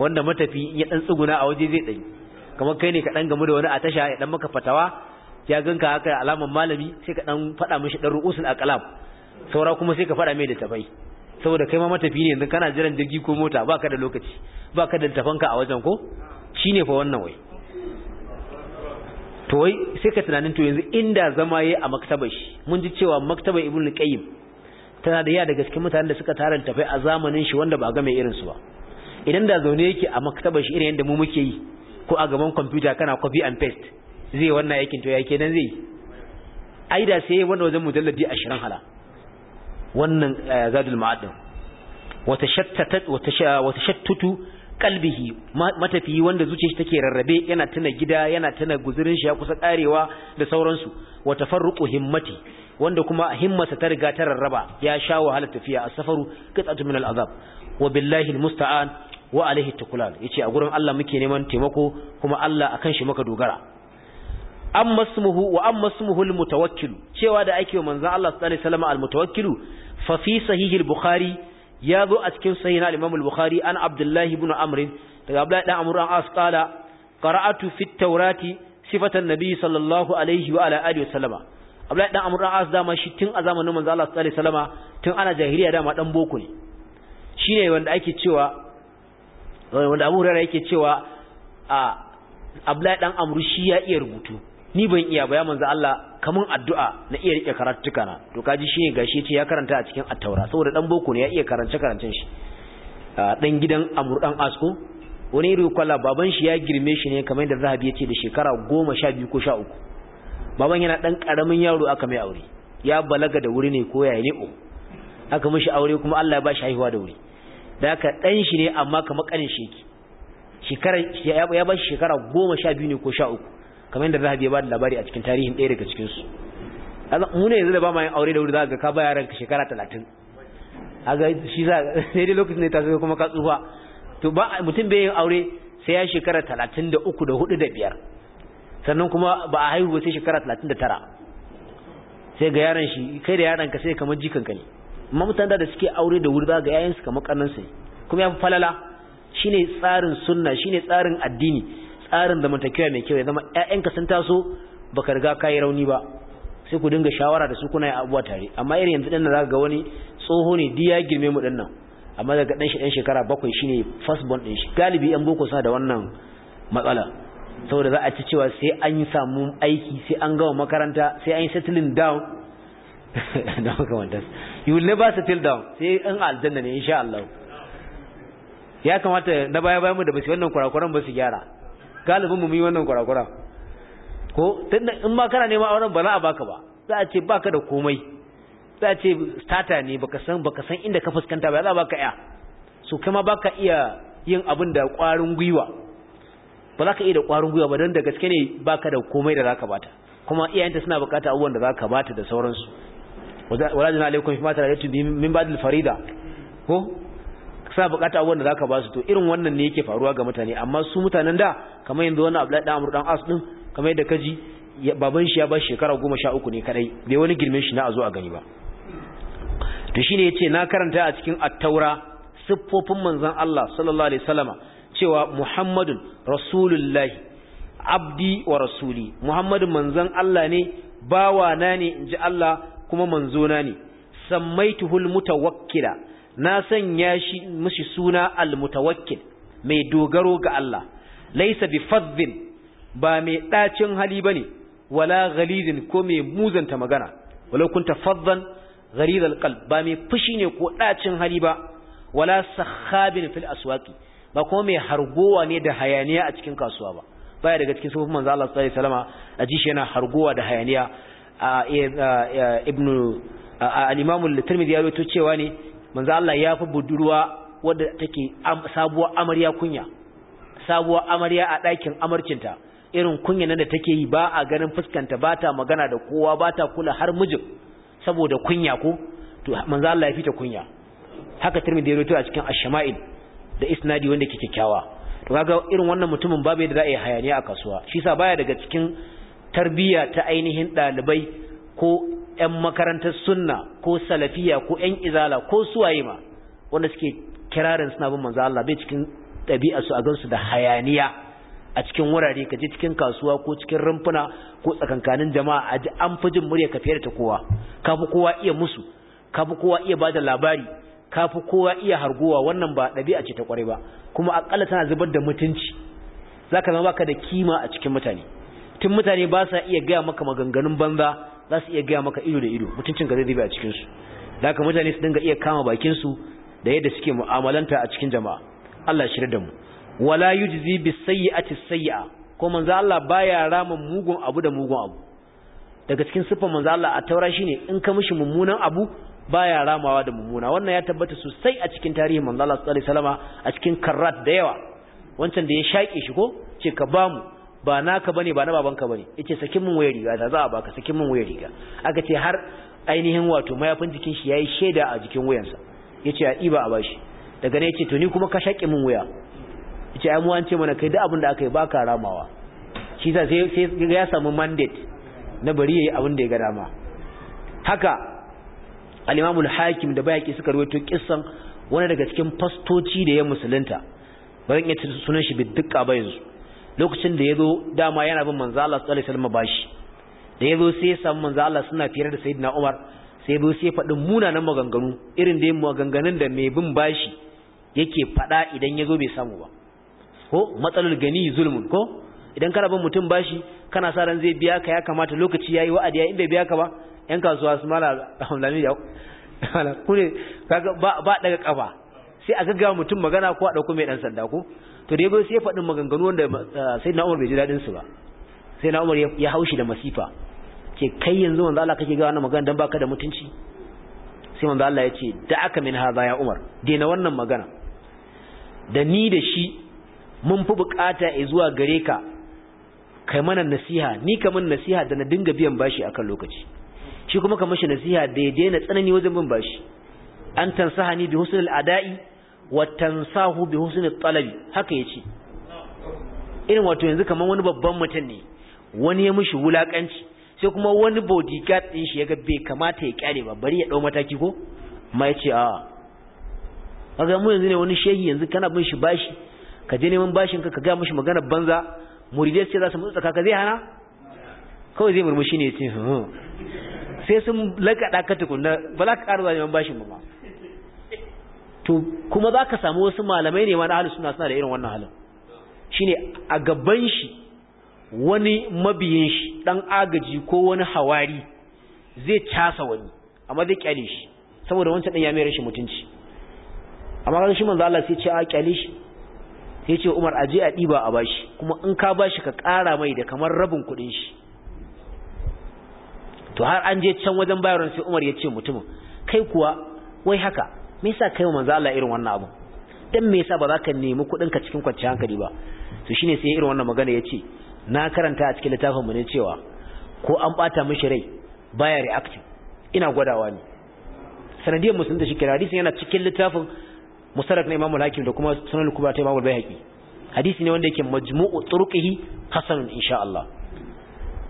wanda matafi ya dan tsuguna a waje zai tsayi kamar kai ne ka dan gamu da wani a tasha ya dan maka fatawa ya ganka haka alaman malami sai ka dan faɗa mishi dan ru'usul aqlam saura kuma sai ka faɗa mai da tabai saboda kai ma matafi ne yanzu kana jiran jirgi ko mota baka da lokaci baka da tafanka a wajen ko shine fa wannan wai to wai sai ka tunanin to yanzu inda zama yayi a maktabar shi mun ji cewa maktabar ibnu qayyim tana da ya daga cikin mutanen da suka tarar tafai a zamanin shi wanda ba ga mai irin su ba idan da zaune yake a maktabar shi irin yadda mu muke yi ko a gaban kwamfuta kana copy and paste zai wannan aikin to ya kenan zai ai da sai wanda wajen mujalladi 20 hala wannan eh, zadul ma'adin wata shattatat wata shattutu kalbihi Matafi wanda zuciyar shi take rarrabe yana tuna gida yana tuna guzurin shi ya kusa karewa da sauransu Wata tafarruqu himmati wanda kuma himmarsa ta riga ta rarraba ya sha wahalar tafiya a safaru qit'atu min azab wa billahi musta'an wa alaihi tukulan yace a gurin Allah muke neman taimako kuma Allah akan shi muka dogara amma ismuhu wa amma ismuhu almutawakkil cewa da ake manzon Allah sallallahu alaihi wasallam almutawakkilu fa fi sahih al-bukhari ya zo a cikin sahih na imam al-bukhari an abdullah ibn amr daga abdullah dan amr an as qala qara'atu fi at-taurati sifatan nabi sallallahu alaihi wa ala alihi wasallama abdullah dan amr an as dama shi tun a zamanin manzon Allah sallallahu alaihi wasallama tun ana jahiliya dama dan boko ne shine wanda ake cewa wanda abu hurara yake cewa a abdullahi dan amru shi ya iya rubutu ni ban iya ba ya manzo Allah kaman addu'a na iya rike karatuka na to kaji ne gashi ce ya karanta a cikin attaura saboda dan boko ne ya iya karance karancen shi dan gidan amru dan asko wani ruwa kwalla baban shi ya girme shi ne kamar da zahabi ce da shekara goma sha 12 ko 13 baban yana ɗan karamin yaro aka mai aure ya balaga da wuri ne ko yayi ne o aka mishi aure kuma Allah ya bashi haihuwa da wuri da ka ɗan shi ne amma kamar ƙanin sheki. shekara ya ba shi shekara goma sha biyu ne ko sha uku kamar yadda zahabi ya ba da labari a cikin tarihin ɗaya daga cikinsu mu ne yanzu da ba ma yin aure da wuri za ga ka ba yaran ka shekara talatin aga shi za sai dai lokacin ne ta zai kuma ka tsufa to ba mutum bai yin aure sai ya shekara talatin da uku da hudu da biyar sannan kuma ba a haihu sai shekara talatin da tara sai ga yaran shi kai da yaran ka sai kamar jikanka ne mamutan da suke aure da wuri ga yayansu kamar kannansu kuma ya fi falala shine tsarin sunna shine tsarin addini tsarin zamantakewa mai kyau ya zama 'ya'yanka sun taso baka riga ka rauni ba sai ku dinga shawara da su kuna yi abuwa tare amma irin yanzu dinnan zaka ga wani tsoho ne di ya girme mu dinnan amma daga dan shi dan shekara bakwai shine first born din shi galibi yan boko sa da wannan matsala saboda za a ci cewa sai an samu aiki sai an gama makaranta sai an yi settling down da makamantarsa you will never settle down sai in aljanna ne insha Allah ya kamata na baya bayan mu da basu wannan kurakuran ba su gyara galibin mu yi wannan kurakura ko tunda in ma kana neman auren ba za a baka ba za a ce baka da komai za a ce starter ne baka san baka san inda ka fuskanta ba za a baka ya so kuma baka iya yin abin da kwarin gwiwa ba za ka iya da kwarin gwiwa ba don da gaske ne baka da komai da za ka bata kuma iyayenta suna bukata abubuwan da za ka bata da sauransu wala jana alaikum fi mata rayatu min ba'd farida ko sa bukata abubuwan da zaka ba su to irin wannan ne yake faruwa ga mutane amma su mutanen da kama yanzu wannan Abdullahi ɗan Amr ɗan As din kamar yadda kaji baban shi ya ba shekara goma 13 ne kadai bai wani girmin shi na zo a gani ba to shine ce na karanta a cikin attaura siffofin manzon Allah sallallahu alaihi wasallama cewa Muhammadun rasulullahi abdi wa rasuli Muhammadun manzon Allah ne bawa na ne inji Allah kuma manzona ne sammaituhul mutawakkila na sanya shi mishi suna almutawakkil mai dogaro ga Allah laisa bi fadhin ba mai dacin hali bane wala ghalizin ko mai muzanta magana walau kunta fadhan gharid alqalb ba mai fushi ne ko dacin hali ba wala sakhabin fil aswaqi ba kuma mai hargowa ne da hayaniya a cikin kasuwa ba baya daga cikin sufin manzo Allah sallallahu alaihi wasallama a ji shi yana hargowa da hayaniya ibnu al-imam al-tirmidhi ya rawaito cewa ne manzo Allah ya fi budurwa wadda take sabuwar amarya kunya sabuwar amarya a ɗakin amarcinta irin kunya nan da take yi ba a ganin fuskanta ba ta magana da kowa ba ta kula har mijin saboda kunya ko to manzo Allah ya fita kunya haka Tirmidhi ya rawaito a cikin Ash-Shama'il da isnadi wanda ke kyakkyawa. to kaga irin wannan mutumin babu yadda za a yi hayaniya a kasuwa shi sa baya daga cikin Tarbiya ta ainihin ɗalibai ko 'yan makarantar sunna ko salafiya ko 'yan izala ko suwaye ma wanda suke kirarin suna bin manzo Allah bai cikin ɗabi'a su a gansu da hayaniya a cikin wurare ka je cikin kasuwa ko cikin rumfuna ko tsakankanin jama'a a ji an fi jin murya ka fiye ta kowa ka fi kowa iya musu ka fi kowa iya bada labari ka fi kowa iya harguwa wannan ba ɗabi'a ce ta kwarai ba kuma akalla tana zubar da mutunci zaka zama baka da kima a cikin mutane tun mutane ba sa iya gaya maka maganganun banza za su iya gaya maka ido da ido mutuncin ka zai zube a cikinsu da haka mutane su dinga iya kama bakinsu da yadda suke mu'amalanta a cikin jama'a Allah shirya da mu wala yujzi a sayyi'ati sayyi'a ko manzo Allah baya rama mugun abu da mugun abu daga cikin siffar manzo Allah a taura shine in ka mishi mummunan abu baya ramawa da mummuna wannan ya tabbata sosai a cikin tarihin manzo Allah sallallahu alaihi wasallama a cikin karrat da yawa wancan da ya shaƙe shi ko ce ka bamu ba naka bane ba na babanka bane yace sakin mun wayar riga za a baka sakin mun wayar riga aka ce har ainihin wato mayafin jikin shi yayi sheda a jikin wayansa yace a diba a bashi daga ne yace to ni kuma ka shaƙe mun waya yace ai mu an ce mana kai da abin da aka yi baka ramawa shi sa sai sai ya samu mandate na bari yayi abin da ya ga dama haka al-Imam al-Hakim da Bayaki suka rawaito kissan wani daga cikin fastoci da ya musulunta ba zan iya sunan shi bi dukka ba yanzu lokacin da ya zo dama yana bin manzo Allah sallallahu alaihi wasallam bashi da ya zo sai ya samu manzo Allah suna fira da sayyidina Umar sai zo sai faɗin munanan maganganu irin da maganganun da mai bin bashi yake faɗa idan ya zo bai samu ba ko matsalul gani zulmun ko idan kana bin mutum bashi kana sa ran zai biya ka ya kamata lokaci yayi wa'adi ya in bai biya ka ba yan kasuwa su mala alhamdulillah ya kaga ba ba daga kafa sai a gaggawa mutum magana ko a dauko mai dan sanda ko to dai sai faɗin maganganu wanda eh, sai na umar bai ji daɗinsu ba sai na umar ya haushi da masifa ke kai yanzu wanda Allah kake ga wannan magana dan baka da mutunci sai manzo Allah ya ce da aka min haza ya umar daina wannan magana da ni da shi mun fi bukata a zuwa gare ka kai mana nasiha ni ka min nasiha da na dinga biyan bashi akan lokaci shi kuma ka mashi nasiha da ya daina tsanani wajen bin bashi an tansaha ni bi husnul ada'i wa tansahu bi husni talabi haka yace irin wato yanzu kaman wani babban mutum ne wani ya mishi wulakanci sai kuma wani bodyguard din shi yaga bai kamata ya kyale ba bari ya dau mataki ko Mai yace a kaga mu yanzu ne wani shehi yanzu kana bin shi bashi ka je neman bashin ka ka ga mishi magana banza Muride sai za su mutsa ka zai hana kawai zai murmushi ne yace hmm. sai sun lakada ka tukunna ba za ka karba neman bashin ba to kuma za ka samu wasu malamai ne wani na suna suna da irin wannan halin Shi ne a gaban shi wani mabiyin shi ɗan agaji ko wani hawari zai casa wani amma zai kyale shi saboda wancan ɗan ya mai mutunci amma kan shi manzala sai ce a kyale shi sai ce Umar aje a ɗiba a bashi kuma in ka bashi ka ƙara mai da kamar rabin kuɗin shi to har an je can wajen bayaran sai Umar ya ce mutumin kai kuwa wai haka me yasa kai manzo Allah irin wannan abu dan me yasa ba za ka nemi kuɗin ka cikin kwanciyar hankali ba to shine sai irin wannan magana yace na karanta a cikin littafin mu ne cewa ko an bata mishi rai baya reactive. ina gwadawa ne sanadiyar musulunta shi kira hadisin yana cikin littafin musarrak na imamul hakim da kuma sunan kubra ta imamul bayhaqi hadisi ne wanda yake majmu'u turqihi hasan insha Allah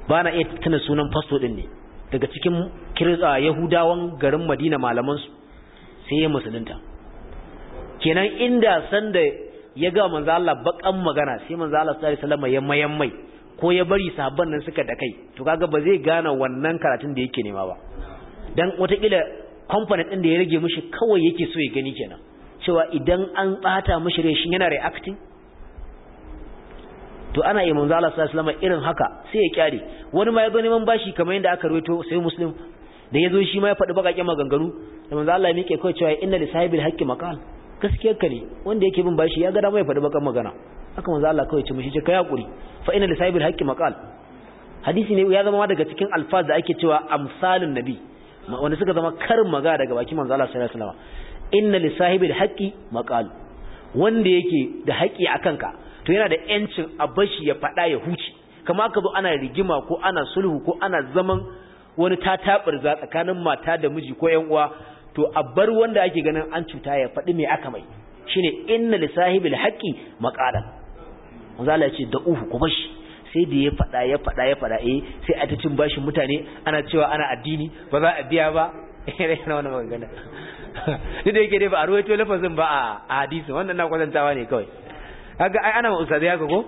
bana iya tuna sunan fasto din ne daga cikin kirza yahudawan garin madina malaman su sai ya musulunta kenan inda sanda ya ga manzo Allah bakan magana sai manzo Allah sallallahu alaihi wasallam ya mayan mai ko ya bari sahabban nan suka da kai to kaga ba zai gane wannan karatun da yake nema ba dan watakila component din da ya rage mishi kawai yake so ya gani kenan cewa idan an bata mishi rai shin yana reacting to ana yi manzo Allah sallallahu alaihi wasallam irin haka sai ya kyare wani ma ya zo neman bashi kamar yadda aka ruwaito sai muslim da ya zo shi ma ya faɗi baƙaƙen maganganu da manzo Allah ya miƙe kawai cewa inna li sahibil haqqi maqal gaskiyar ka ne wanda yake bin bashi ya ga dama ya faɗi baƙan magana haka manzo Allah kawai ce mishi ce kai hakuri fa inna li sahibil haqqi maqal hadisi ne ya zama daga cikin alfaz da ake cewa amsalun nabi wanda suka zama karin maga daga bakin manzo Allah sallallahu alaihi wasallam inna li sahibil haqqi maqal wanda yake da haƙi a ka to yana da yancin a bashi ya faɗa ya huce kama ka zo ana rigima ko ana sulhu ko ana zaman wani ta za tsakanin mata da miji ko yan uwa to a bar wanda ake ganin an cuta ya faɗi me aka mai shine inna li sahibil haqqi maqalan manzala ce da uhu ku bashi sai da ya faɗa ya faɗa ya faɗa eh sai a ta bashi bashin mutane ana cewa ana addini ba za a biya ba eh na wannan magana duk da yake dai ba a ruwaito lafazin ba a hadisi wannan na kwatantawa ne kawai kaga ai ana ma ustadi haka ko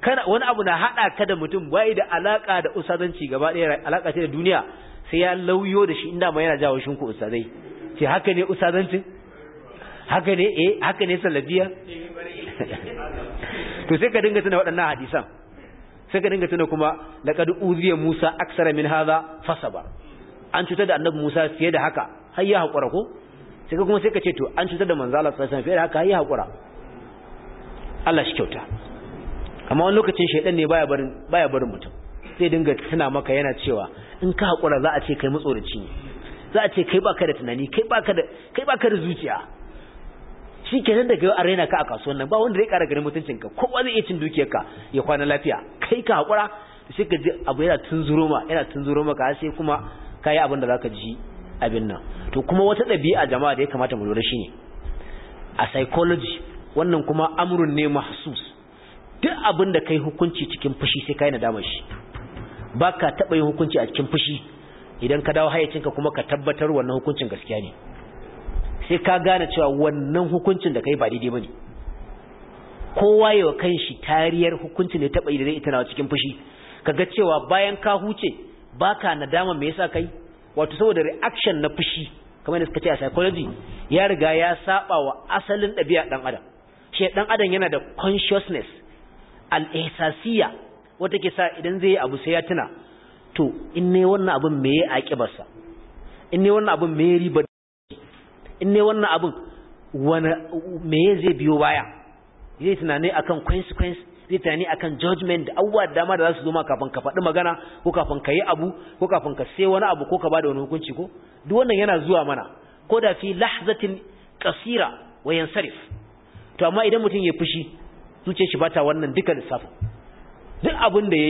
kana wani abu na hada ka da mutum bai da alaka da usadanci gaba daya alaka ce da duniya sai ya lauyo da shi inda ma yana jawo shinku usadai ce haka ne usadancin haka ne eh haka ne salafiya to sai ka dinga tuna waɗannan hadisan sai ka dinga tuna kuma laqad uziya Musa aksara min hadha fasaba an cutar da annabi Musa fiye da haka har ya hakura ko sai kuma sai ka ce to an cutar da manzala Allah sallallahu alaihi wasallam fiye da haka har ya hakura Allah shi kyauta amma wani lokacin shaidan ne baya barin mutum zai dinga tuna maka yana cewa in ka haƙura za a ce kai matsoraci ne za a ce kai baka da tunani kai baka da zuciya shi kenan daga yau a raina ka a kasuwan nan ba wanda zai kara ganin mutuncin ka kowa zai iya cin dukiyarka ya kwana lafiya kai ka haƙura da shi ka ji abu yana tunzuro ma yana tunzuro maka sai kuma ka yi abin da za ka ji abin nan to kuma wata ɗabi'a jama'a da ya kamata mu lura shi ne a psychology wannan kuma amurin ne mahsus duk abin da kai hukunci cikin fushi sai kai nadama shi baka taba yin hukunci a cikin fushi idan ka dawo hayyacinka kuma ka tabbatar wannan hukuncin gaskiya ne sai ka gane cewa wannan hukuncin da kai ba daidai bane kowa yawa shi tariyar hukuncin da taba idan ita na cikin fushi kaga cewa bayan ka huce baka nadama me yasa kai wato saboda reaction na fushi kamar da suka ce a psychology ya riga ya saba wa asalin ɗabi'a ɗan adam shi ɗan adam yana da consciousness al wata ke sa idan zai abu sai ya tuna to in ne wannan abin me ya aƙibarsa in ne wannan abin me ya riba in ne wannan abin wani me ya zai biyo baya zai tunani akan consequence zai tunani akan judgment da abubuwa da dama da za su zo ma kafin ka faɗi magana ko kafin ka yi abu ko kafin ka sai wani abu ko ka ba da wani hukunci ko duk wannan yana zuwa mana ko da fi lahzatin kasira wa yansarif to amma idan mutum ya fushi zuce shi bata wannan duka lissafin duk abin da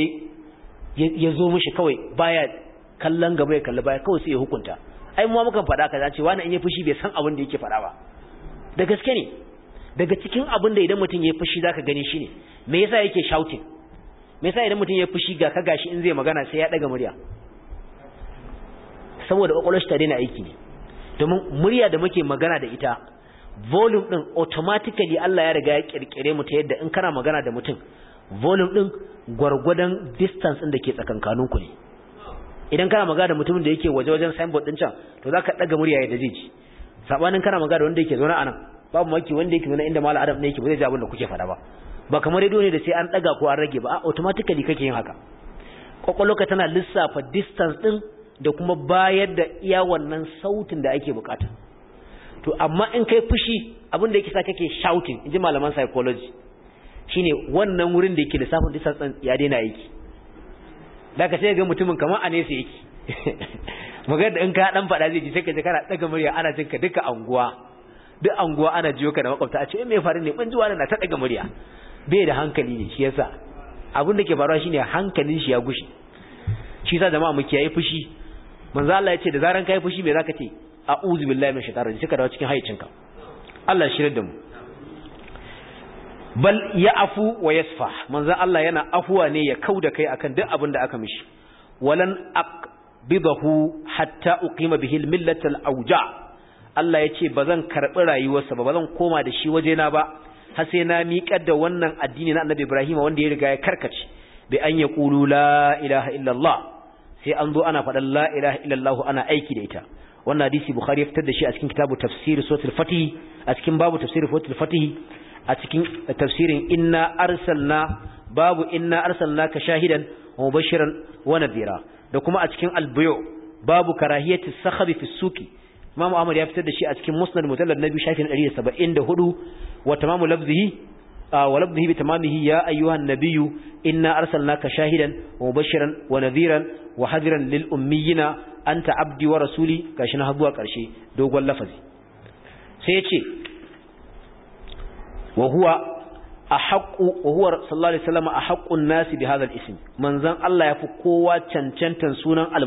ya ya zo mishi kawai baya kallon gaba ya kalli baya kawai sai ya hukunta ai mu mukan faɗa ka zace wani in ya fushi bai san abin da yake faɗa ba da gaske ne daga cikin abin da idan mutum ya fushi zaka gani shine me yasa yake shouting me yasa idan mutum ya fushi ga ka gashi in zai magana sai ya daga murya saboda kwakwalwar ta daina aiki ne domin murya da muke magana da ita volume ɗin automatically Allah ya riga ya kirkire mu ta yadda in kana magana da mutum volume ɗin gwargwadon distance ɗin da ke tsakankanin ku ne idan kana magana da mutumin da yake waje wajen signboard ɗin can to zaka daga murya yadda zai ji sabanin kana magana da wanda yake zaune anan babu maki wanda yake zaune inda malam adam ne yake ba zai ji abin da kuke faɗa ba ba kamar rediyo ne da sai an daga ko an rage ba automatically kake yin haka kwakwalwarka tana lissafa distance ɗin da kuma bayar da iya wannan sautin da ake bukata to amma in kai fushi abin da yake sa kake shouting inji malaman psychology shine wannan wurin da yake lissafin distance ya daina aiki da ka sai ga mutumin kamar a nesa yake magar da in ka dan fada zai ji sai ka ji kana daga murya ana jinka duka anguwa duk anguwa ana jiyo ka da makwabta a ce eh, me faru ne ban ji wani na ta daga murya bai da hankali ne shi yasa abin da ke faruwa shine hankalin shi ya gushi shi yasa jama'a mu kiyaye fushi manzo Allah ya ce da zaran kai fushi me zaka ce a'udhu billahi minash shaitanir rajim sai ka dawo cikin hayyacinka Allah shirye da mu bal ya afu wa yasfa manzo Allah yana afuwa ne ya kauda kai akan duk abin da aka mishi walan aqbidahu hatta uqima bihi al-millatal awja Allah yace bazan karbi rayuwarsa ba bazan koma da shi wajena ba har sai na miƙar da wannan addini na Annabi Ibrahim wanda ya riga ya karkace bi an yaqulu la ilaha illa Allah sai an zo ana faɗan la ilaha illa Allah ana aiki da ita wannan hadisi bukhari ya fitar da shi a cikin kitabu tafsir suratul fatih a cikin babu tafsir suratul fatih a cikin tafsirin inna arsalna babu inna arsalnaka shahidan wa mubashiran wa nadhira da kuma a cikin albuyu babu karahiyati sakhabi fi suki imam ahmad ya fitar da shi a cikin musnad mutallad nabi shafin 174 wa tamamu labzihi wa labzihi bi tamamihi ya ayyuhan nabiyyu inna arsalnaka shahidan wa mubashiran wa nadhiran wa hadiran lil ummiyina anta abdi wa rasuli gashi na zuwa karshe dogon lafazi sai ya ce wa huwa haƙƙu, wa huwa sallallahu alaihi wasallam ahaqqun nasi bi hadha al-ism manzon Allah ya fi kowa cancantan sunan al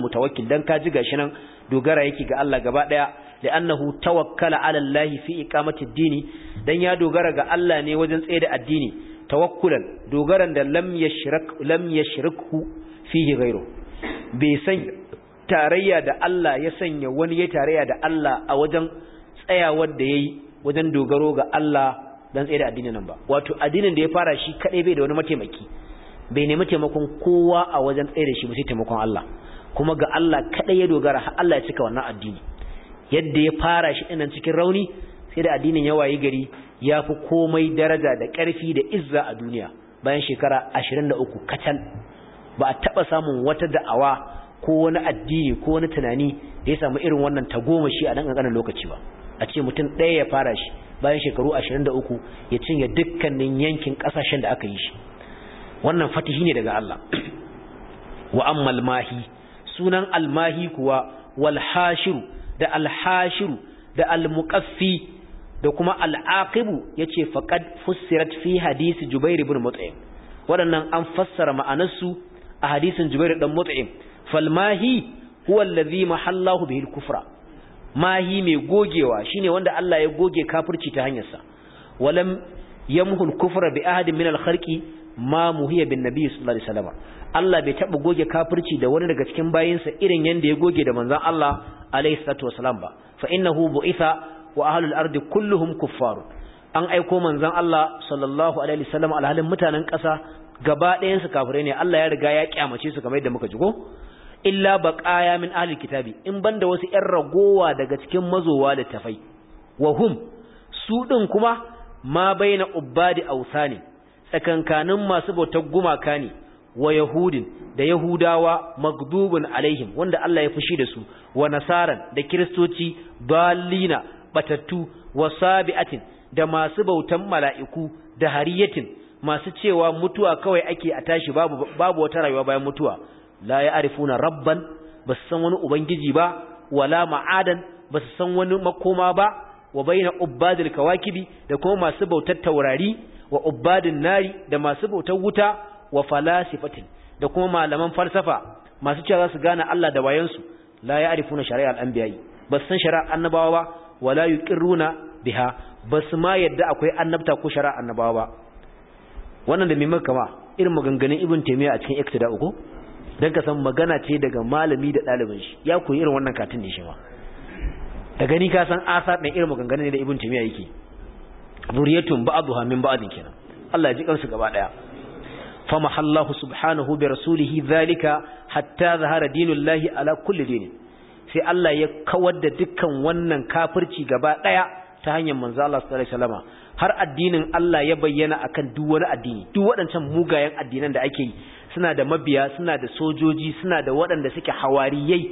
dan kaji gashi nan dogara yake ga Allah gaba daya annahu tawakkala 'ala Allah fi iqamati ad-dini dan ya dogara ga Allah ne wajen tsaye addini tawakkulan dogaran da lam yashrak lam yashrikhu fihi ghayru bai san tarayya da Allah ya sanya wani ya tarayya da Allah a wajen tsayawar da yi wajen dogaro ga Allah don tsaye da addinin nan ba wato addinin da ya fara shi kadai bai da wani mataimaki bai nemi taimakon kowa a wajen tsaye da shi ba sai taimakon Allah kuma ga Allah kaɗai ya dogara har Allah ya cika wannan addini yadda ya fara shi ɗinnan cikin rauni sai da addinin ya wayi gari ya fi komai daraja da ƙarfi da izza a duniya bayan shekara ashirin da uku, kacal ba a taɓa samun wata da'awa ko wani addini ko wani tunani da ya samu irin wannan tagomashi a nan ƙanƙanin lokaci ba a ce mutum ɗaya ya fara shi bayan shekaru 23 ya cinye dukkanin yankin ƙasashen da aka yi shi wannan fatihi ne daga Allah wa ammal mahi sunan almahi kuwa wal hashir da al hashir da al muqaffi da kuma al ya yace faqad fussirat fi hadisi jubair ibn mut'im waɗannan an fassara ma'anarsu a hadisin jubair dan mut'im falmahi huwa allazi mahallahu bihil kufra mahi mai gogewa shine wanda Allah ya goge kafirci ta hanyarsa walam yamhul kufra bi ahadin min al-kharqi ma muhiya bin nabi sallallahu alaihi Allah bai taɓa goge kafirci da wani daga cikin bayinsa irin yanda ya goge da manzon Allah alaihi salatu wasallam ba fa innahu bu'itha wa ahlul ardi kulluhum kuffarun an aiko manzon Allah sallallahu alaihi alhalin mutanen ƙasa gaba ɗayan su ne Allah ya riga ya kyamace su kamar yadda muka ji ko illa baqaya min ahli kitabi in banda wasu 'yan ragowa daga cikin mazowa da tafai wa hum su ɗin kuma ma baina ausa ne. tsakankanin masu bautar gumaka ne wa yahudin da yahudawa magdubun alaihim wanda Allah ya fushi da su wa nasaran da kiristoci balina batattu wa sabi'atin da masu bautan mala'iku da hariyatin masu cewa mutuwa kawai ake a tashi babu babu wata rayuwa bayan mutuwa la ya arifuna rabban basu san wani ubangiji ba wala ma'adan basu san wani makoma ba wa baina ubbadil kawakibi da kuma masu bautar taurari wa ubbadin nari da masu bautar wuta wa falasifatin da kuma malaman falsafa masu cewa za su gane Allah da wayansu la ya arifuna shari'al anbiya'i basu san shari'ar annabawa ba wala yuqirruna biha su ma yadda akwai annabta ko shari'ar annabawa ba wannan da maka kama irin maganganun ibn taymiya a cikin iktida'u ko dan ka san magana ce daga malami da ɗalibin shi ya koyi irin wannan katin ne shi ma da gani ka san asa ɗan irin maganganun ne da ibn tumiya yake zuriyatun ba'dha min ba'din kenan Allah ya ji kansu gaba daya fa mahallahu subhanahu bi rasulihi zalika hatta zahara dinullahi ala kulli din sai Allah ya kawar da dukkan wannan kafirci gaba ɗaya ta hanyar manzo Allah sallallahu alaihi wasallam har addinin Allah ya bayyana akan duk wani addini duk waɗancan mugayen addinan da ake yi suna da mabiya suna da sojoji suna da waɗanda suke hawariyai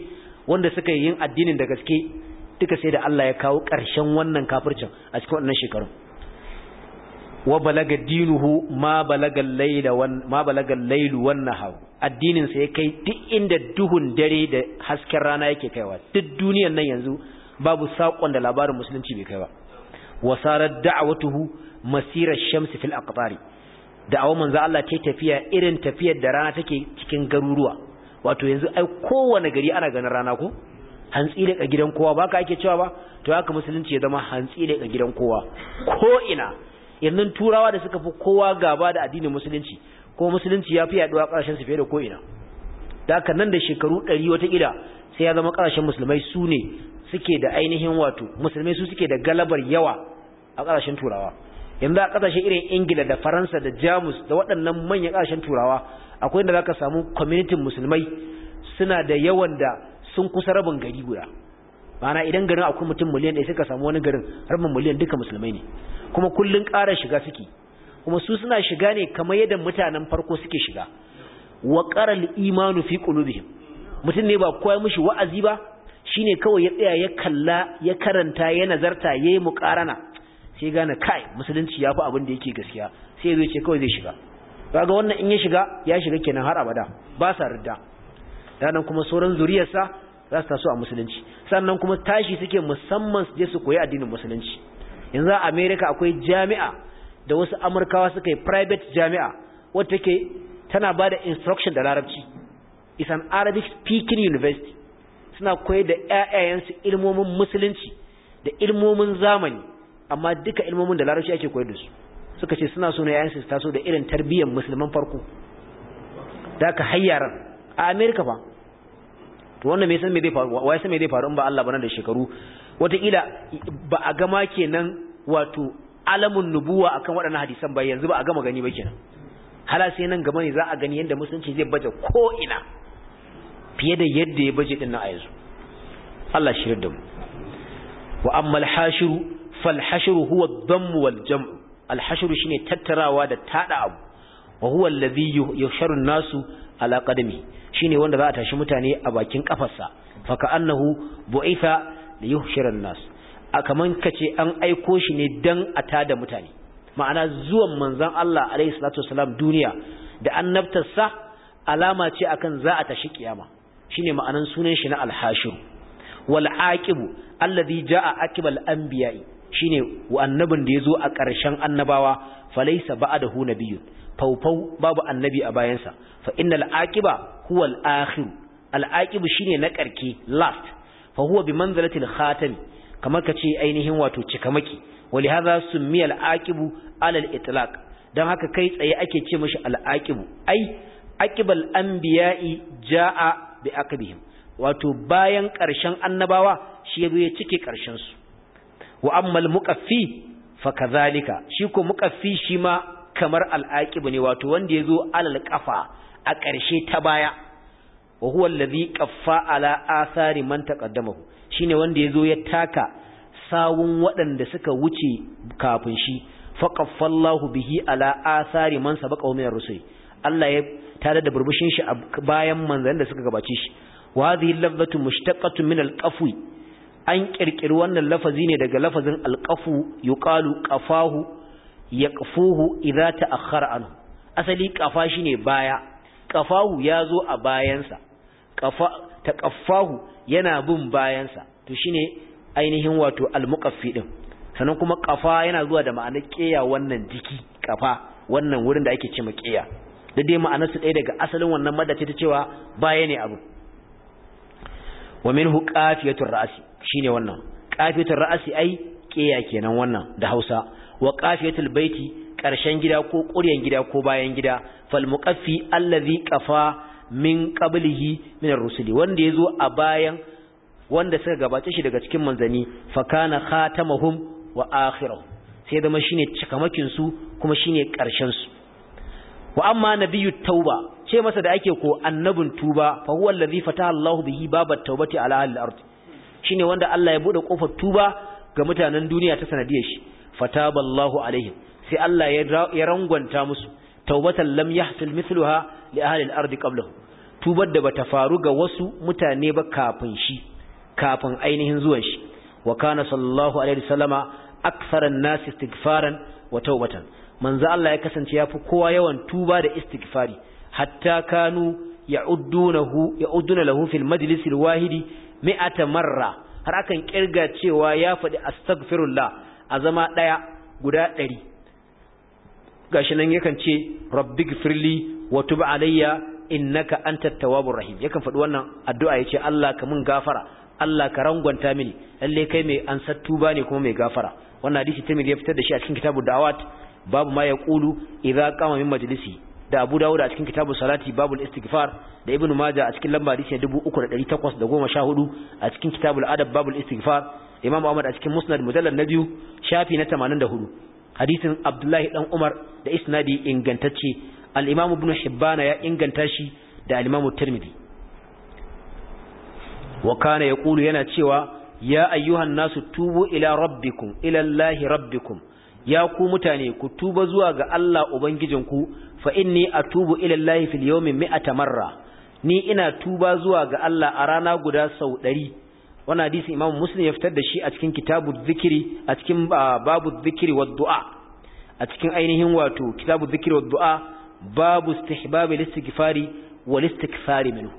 wanda suka yi yin addinin da gaske duka sai da Allah ya kawo ƙarshen wannan kafircin a cikin wannan shekaru. wa balaga dinuhu ma balaga laila wan ma balaga lailu wan nahar addinin sa ya kai duk inda duhun dare da hasken rana yake kaiwa duk duniyar nan yanzu babu sakon da labarin musulunci bai kaiwa wasarar da'awatuhu masirar shamsi fil aqtari Da awon manzo Allah ce tafiya irin tafiyar da rana take cikin garuruwa wato yanzu ai kowane gari ana ganin rana ko hantsi da gidan kowa baka ake cewa ba to haka musulunci ya zama hantsi da gidan kowa ko ina yanzu turawa da suka fi kowa gaba da addinin musulunci ko musulunci ya fi yaduwa ƙarshen su fiye da ko ina da haka nan da shekaru 100 wata gida sai ya zama ƙarshen musulmai su ne suke da ainihin wato musulmai su suke da galabar yawa a ƙarshen turawa yanzu a kasashe irin ingila da faransa da jamus da waɗannan manyan ƙasashen turawa akwai inda za ka samu kwamitin musulmai suna da yawan da sun kusa rabin gari guda ma'ana idan garin akwai mutum miliyan ɗaya suka samu wani garin rabin miliyan duka musulmai ne kuma kullum ƙara shiga suke kuma su suna shiga ne kamar yadda mutanen farko suke shiga wa ƙara imanu fi qulubihim mutum ne ba kowa mushi wa'azi ba shine kawai ya tsaya ya kalla ya karanta ya nazarta yayi muqarana sai gane kai musulunci ya fi abin da yake gaskiya sai zai ce kawai zai shiga ba ga wannan in ya shiga ya shiga kenan har abada ba sa ridda ranan kuma sauran zuriyarsa za su taso a musulunci sannan kuma tashi suke musamman su je su koyi addinin musulunci yanzu a America akwai jami'a da wasu Amurkawa suka yi private jami'a wadda take tana ba da instruction da larabci is an Arabic speaking university suna koyar da ƴaƴayensu ilmomin musulunci da ilmomin zamani amma duka ilmomin da larashi ake koyar da su suka ce suna so na yayin su taso da irin tarbiyyar musulman farko da ka hayyaran a America fa to wannan me san me zai faru wai san me zai faru in ba Allah bana da shekaru wataƙila ba a gama kenan wato alamun nubuwa akan waɗannan hadisan ba yanzu ba a gama gani ba kenan hala sai nan gaba ne za a gani yanda musulunci zai baje ko ina fiye da yadda ya baje dinnan a yanzu Allah shirin da mu wa ammal hashiru falhashiru huwa dhammu wal jam'u alhashiru shine tattarawa da tada abu wa huwa alladhi yusharu nasu ala qadami wanda za a tashi mutane a bakin kafarsa fakannahu ka'annahu bu'itha li yuhshira nas akaman kace an aiko shi ne dan a tada mutane ma'ana zuwan manzon Allah alaihi salatu wasalam duniya da annabtarsa alama ce akan za a tashi kiyama shine ma'anan sunan shi na alhashir wal aqibu alladhi jaa aqibal anbiya'i shine annabin da yazo a ƙarshen annabawa falaysa ba'dahu nabiyyun faufau babu annabi a bayansa fa innal aqiba huwa al akhir al aqibu shine na ƙarke last fa huwa bi manzalatil khatami kamar kace ainihin wato cikamaki walihaza summiya al aqibu ala al itlaq dan haka kai tsaye ake ce mishi al aqibu ai aqibal anbiya'i jaa bi aqibihim wato bayan ƙarshen annabawa shi yazo ya cike ƙarshen su wa ammal muqaffi fa kazalika shi ko muqaffi shi ma kamar al'aqib ne wato wanda yazo alal qafa a ƙarshe ta baya wa huwa allazi qaffa ala athari man taqaddamahu shine wanda yazo ya taka sawun waɗanda suka wuce kafin shi fa qaffallahu bihi ala athari man sabaqahu min ar-rusul Allah ya tare da burbushin shi bayan manzan da suka gabace shi wa hadhihi lafzatu mushtaqatun min al-qafwi an ƙirƙiri wannan lafazi ne daga lafazin alqafu yuqalu qafahu yaqfuhu idza ta'akhkhara anhu asali qafa shine baya qafahu yazo a bayansa qafa taqaffahu yana bin bayansa to shine ainihin wato almuqaffi din sannan kuma qafa yana zuwa da ma'anar ƙeya wannan jiki qafa wannan wurin da ake ce ma ƙeya da dai ma'anar su ɗaya daga asalin wannan madda ta cewa baya ne abu wa minhu qafiyatur ra'si shine wannan qafiyatul ra'asi ai ƙeya kenan wannan da Hausa wa qafiyatul baiti karshen gida ko ƙuryan gida ko bayan gida fal muqaffi allazi qafa min qablihi min ar-rusuli wanda yazo a bayan wanda suka gabace shi daga cikin manzani fa kana khatamahum wa akhiruhum sai zama shine cikamakin su kuma shine karshen su wa amma nabiyyu tauba ce masa da ake ko annabin tuba fa huwa allazi fataha Allahu bihi babat tawbati ala al-ard shine wanda Allah ya bude kofar tuba ga mutanen duniya ta sanadiyar shi fataballahu alaihim sai Allah ya rangwanta musu taubatan lam yahsil mithluha li ahli al-ardi qablahu tubar da bata faru ga wasu mutane ba kafin shi kafin ainihin zuwan shi wa kana sallallahu alaihi wasallama aktharan nas istighfaran wa taubatan manzo Allah ya kasance yafi kowa yawan tuba da istighfari hatta kanu ya'uddunahu ya'udduna lahu fil majlis wahidi mi'ata marra har akan kirga cewa ya faɗi astaghfirullah a zama ɗaya guda ɗari gashi nan yakan ce rabbighfirli wa tub alayya innaka antat tawwabur rahim yakan faɗi wannan addu'a yace Allah ka mun gafara Allah ka rangwanta mini lalle kai mai ansar tuba ne kuma mai gafara wannan hadisi Tirmidhi ya fitar da shi a cikin kitabu da'awat babu ma yaqulu idza qama min majlisi da Abu Dawud a cikin Kitabus Salati Babul Istighfar da Ibn Majah a cikin lamba hadisi 3814 a cikin Kitabul Adab Babul Istighfar Imam Ahmad a cikin Musnad Mujallal na biyu shafi na 84 hadisin Abdullahi dan Umar da isnadi ingantacce al-Imam Ibn Hibban ya inganta shi da al-Imam Tirmidhi wa kana yaqulu yana cewa ya ayyuhan nasu tubu ila rabbikum ila Allahi rabbikum ya ku mutane ku tuba zuwa ga Allah ubangijinku fa inni atubu ila Allah fil yawmi mi'ata marra ni ina tuba zuwa ga Allah a rana guda sau 100 wannan hadisi Imam Muslim ya fitar da shi a cikin kitabu dhikri a cikin babu dhikri wa du'a a cikin ainihin wato kitabu dhikri wa du'a babu istihbab al-istighfari wal istikthari minhu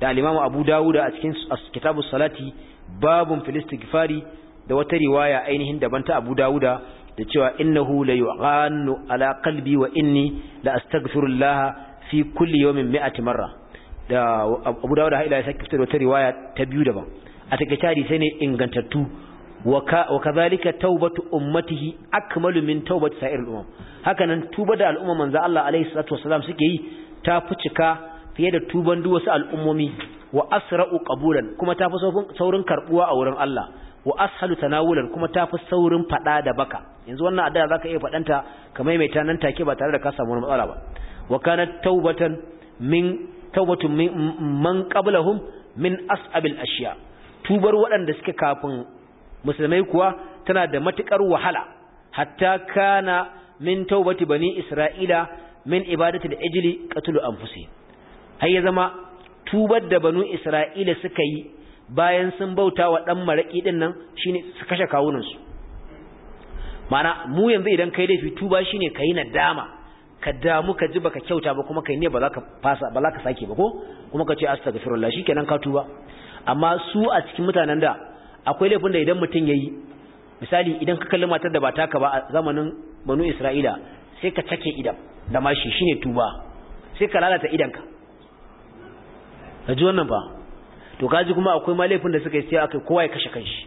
da imam Abu Dawud a cikin kitabu salati babun fil istighfari da wata riwaya ainihin daban ta Abu Dawuda da cewa innahu la yu'annu ala qalbi wa inni la astaghfirullah fi kulli yawmin mi'ati marra da Abu Dawud da Haila ya saki fitar wata riwaya ta biyu daban a take tari sai ne ingantattu wa kadhalika tawbatu ummatihi akmalu min tawbati sa'ir umam hakanan tuba da al'umma manzo Allah alaihi salatu wasalam suke yi ta fi cika fiye da tuban duk wasu al'ummomi wa asra'u qabulan kuma ta fi saurin karbuwa a wurin Allah wa ashalu tanawulan kuma tafi saurin fada da baka yanzu wannan addu'a zaka iya fadanta kamar mai ta take ba tare da ka samu matsala ba wa kanat taubatan min min man qablahum min as'abil ashiya tubar waɗanda suke kafin musulmai kuwa tana da matukar wahala hatta kana min taubati bani isra'ila min ibadati da ajli qatlu anfusihim har ya zama tubar da banu isra'ila suka yi bayan sun bauta wa ɗan maraƙi ɗin nan shi ne su kashe kawunansu mana mu yanzu idan kai laifi tuba shine yi nadama ka damu ka ji baka kyauta ba kuma kai ne ba za ka fasa ba za ka sake ba ko kuma ka ce astaghfirullah kenan ka tuba amma su a cikin mutanen da akwai laifin da idan mutum ya yi misali idan ka kalli matar da ba ka ba a zamanin banu isra'ila sai ka cake idan da mashi shine tuba sai ka lalata idanka ka ji wannan ba. to kaji kuma akwai malaifin da suka yi sai akai kowa ya kashe kanshi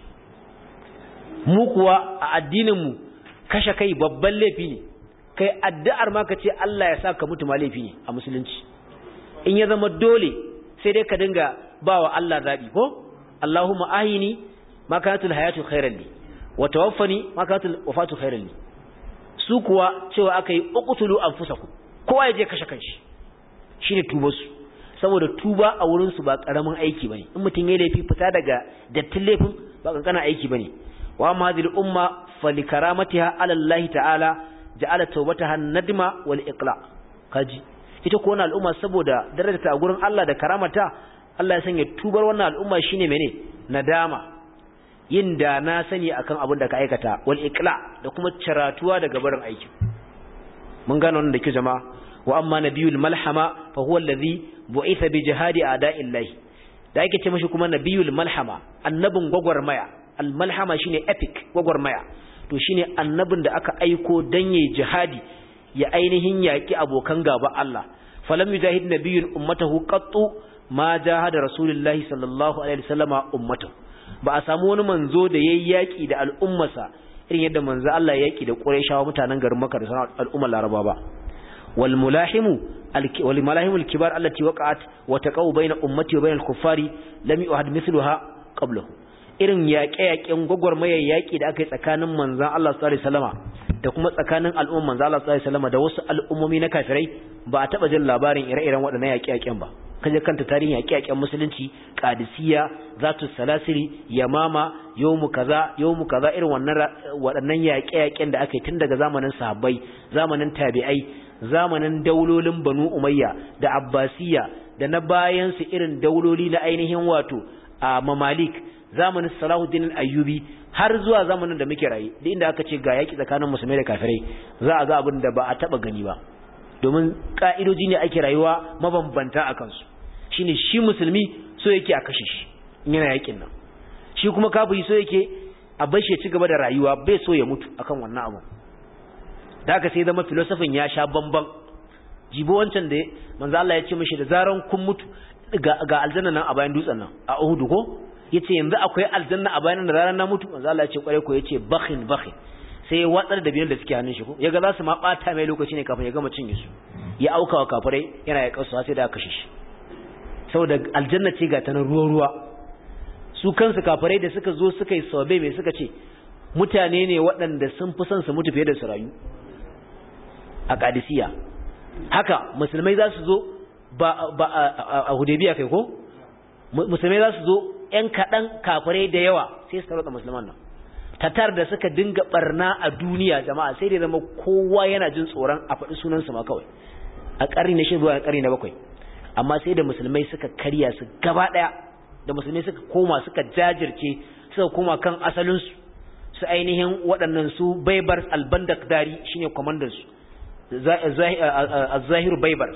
mu kuwa a addinin mu kashe kai babban laifi ne kai addu'ar ma ka Allah ya sa ka mutu ma ne a musulunci in ya zama dole sai dai ka dinga bawa Allah zabi ko Allahumma ahini ma hayatu khairan li wa tawaffani ma wafatu khairan li su kuwa cewa aka yi uqtulu anfusakum kowa ya je kashe kanshi shine tubasu saboda tuba a wurin su ba karamin aiki bane in mutun yayi laifi fita daga dattin laifin ba kankana aiki bane wa amma hadhihi umma falikaramatiha ala Allah ta'ala ja'ala tawbataha nadma wal iqla kaji ita ko wannan al'umma saboda darajar ta gurin Allah da karamata Allah ya sanya tubar wannan al'umma shine mene nadama yin da na sani akan abin da ka aikata wal iqla da kuma caratuwa daga barin aiki mun gano wannan da ke jama'a wa amma nabiyul malhama fa huwa allazi bu'itha bi jihadi a'da'illahi da yake ce mashi kuma nabiyul malhama annabin gwagwarmaya al shine epic gwagwarmaya to shine annabin da aka aiko dan yayi jihadi ya ainihin yaki abokan gaba Allah falam yujahid nabiyyun ummatahu qattu ma jahada rasulullahi sallallahu alaihi wasallama ummatahu ba a samu wani manzo da yayi yaki da al'ummarsa irin yadda manzo Allah ya yaki da Qurayshawa mutanen garin Makka da al'ummar Laraba ba wal mulahimu wal malahimu al kibar allati waqa'at wa taqaw bayna ummati wa bayna al kuffari lam yu'ad mithluha qablahu irin yaƙe-yaƙen gwagwarmayar yaƙi da aka yi tsakanin manzan Allah sallallahu alaihi da kuma tsakanin al'umman manzan Allah sallallahu alaihi da wasu al'ummomi na kafirai ba a taɓa jin labarin ire-iren waɗannan yaƙe-yaƙen ba je kanta tarihin yaƙe-yaƙen musulunci qadisiyya zatu salasiri yamama yawmu kaza yawmu kaza irin wannan waɗannan yaƙe-yaƙen da aka yi tun daga zamanin sahabbai zamanin tabi'ai zamanin daulolin banu umayya da abbasiya da na bayansu irin dauloli na ainihin wato a mamalik zamanin salahuddin ayyubi har zuwa zamanin da muke rayu da inda aka ce ga yaki tsakanin musulmai da kafirai za a ga abin da ba a taba gani ba domin ka'idoji ne ake rayuwa mabambanta a kansu shine shi musulmi so yake a kashe shi yana yakin nan shi kuma kafiri so yake a bashi ya ci gaba da rayuwa bai so ya mutu akan wannan abu da haka sai zama filosofin ya sha bamban jibo wancan da manzo Allah ya ce mishi da zaran kun mutu ga aljanna nan a bayan dutsen nan a Uhud ko yace yanzu akwai aljanna a bayan da zaran na mutu manzo Allah ya ce kware ko yace bakhin bakhin sai watsar da biyan da suke hannun shi ko yaga za su ma bata mai lokaci ne kafin ya gama cinye su ya auka wa kafirai yana ya kasuwa sai da aka saboda aljanna ce ga ta nan ruwa ruwa su kansu kafirai da suka zo suka yi sawabe mai suka ce mutane ne waɗanda sun fi son su mutu fiye da su rayu a Kadisiya. haka musulmai za su zo ba a Hudaybiya kai ko musulmai za su zo ƴan kaɗan kafirai da yawa sai su da musulman nan tatar da suka dinga barna a duniya jama'a sai da zama kowa yana jin tsoron a faɗi sunansu ma kawai a ƙarni na shirin zuwa ƙarni na bakwai amma sai da musulmai suka karya su gaba ɗaya da musulmai suka koma suka jajirce suka koma kan asalinsu su ainihin waɗannan su albandak dari shine kwamandansu Azahiru Baibar,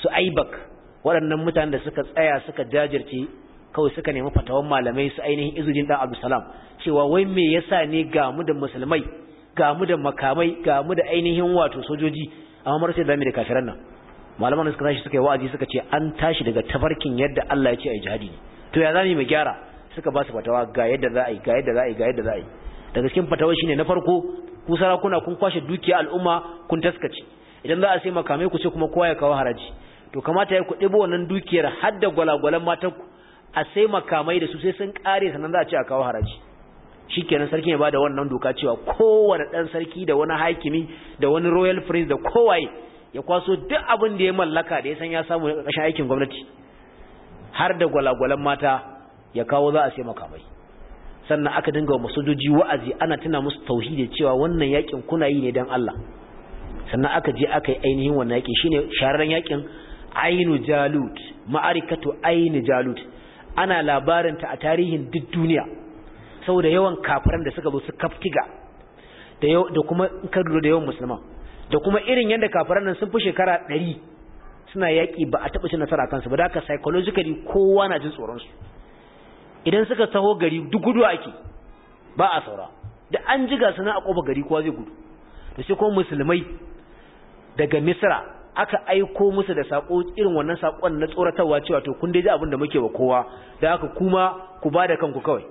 su aibak waɗannan mutanen da suka tsaya suka jajirce kawai suka nemi fatawan malamai su ainihin izinin dan Abdulsalam cewa wai me sa ne ga mu da musulmai ga mu da makamai ga mu da ainihin wato sojoji amma mamar sai zami da kafiran nan malaman suka tashi suka yi wa'azi suka ce an tashi daga tafarkin yadda Allah ya ce yi jihadi ne. to ya zami mai gyara suka ba su fatawa ga yadda za a yi ga yadda za a yi ga yadda za a yi daga cikin fatawar shine na farko ku sarakuna kun kwashe dukiya al'umma kun taskace idan za a sai makamai ku ce kuma kowa ya kawo haraji to kamata ya ku ɗibo wannan dukiyar har da gwalagwalan matan ku a sai makamai da su sai sun kare sannan za a ce a kawo haraji kenan sarki ya bada wannan doka cewa kowane dan sarki da wani hakimi da wani royal prince da kowaye ya kwaso duk abin da ya mallaka da ya san ya samu ƙarshen aikin gwamnati har da gwalagwalan mata ya kawo za a sai makamai sannan aka dinga wa sojoji wa'azi ana tuna musu tauhidi cewa wannan yakin kuna yi ne dan Allah sannan aka je aka yi ainihin wannan yakin shine shahararren yakin Ainu Jalut ma'arikatu Ainu Jalut ana labarin ta a tarihin duk duniya saboda yawan kafiran da suka zo su kafkiga da da kuma kaduro da yawan musulman da kuma irin yadda kafiran nan sun fi shekara ɗari, suna yaƙi ba a taba cin nasara kansu ba da haka psychologically kowa na jin tsoron su idan suka taho gari duk gudu ake ba a saura da an jiga suna a kofa gari kowa zai gudu to sai kuma musulmai daga misra aka aiko musu da sako irin wannan sakon na tsoratarwa cewa to kun dai ji abin da muke wa kowa da haka kuma ku ba da kanku kawai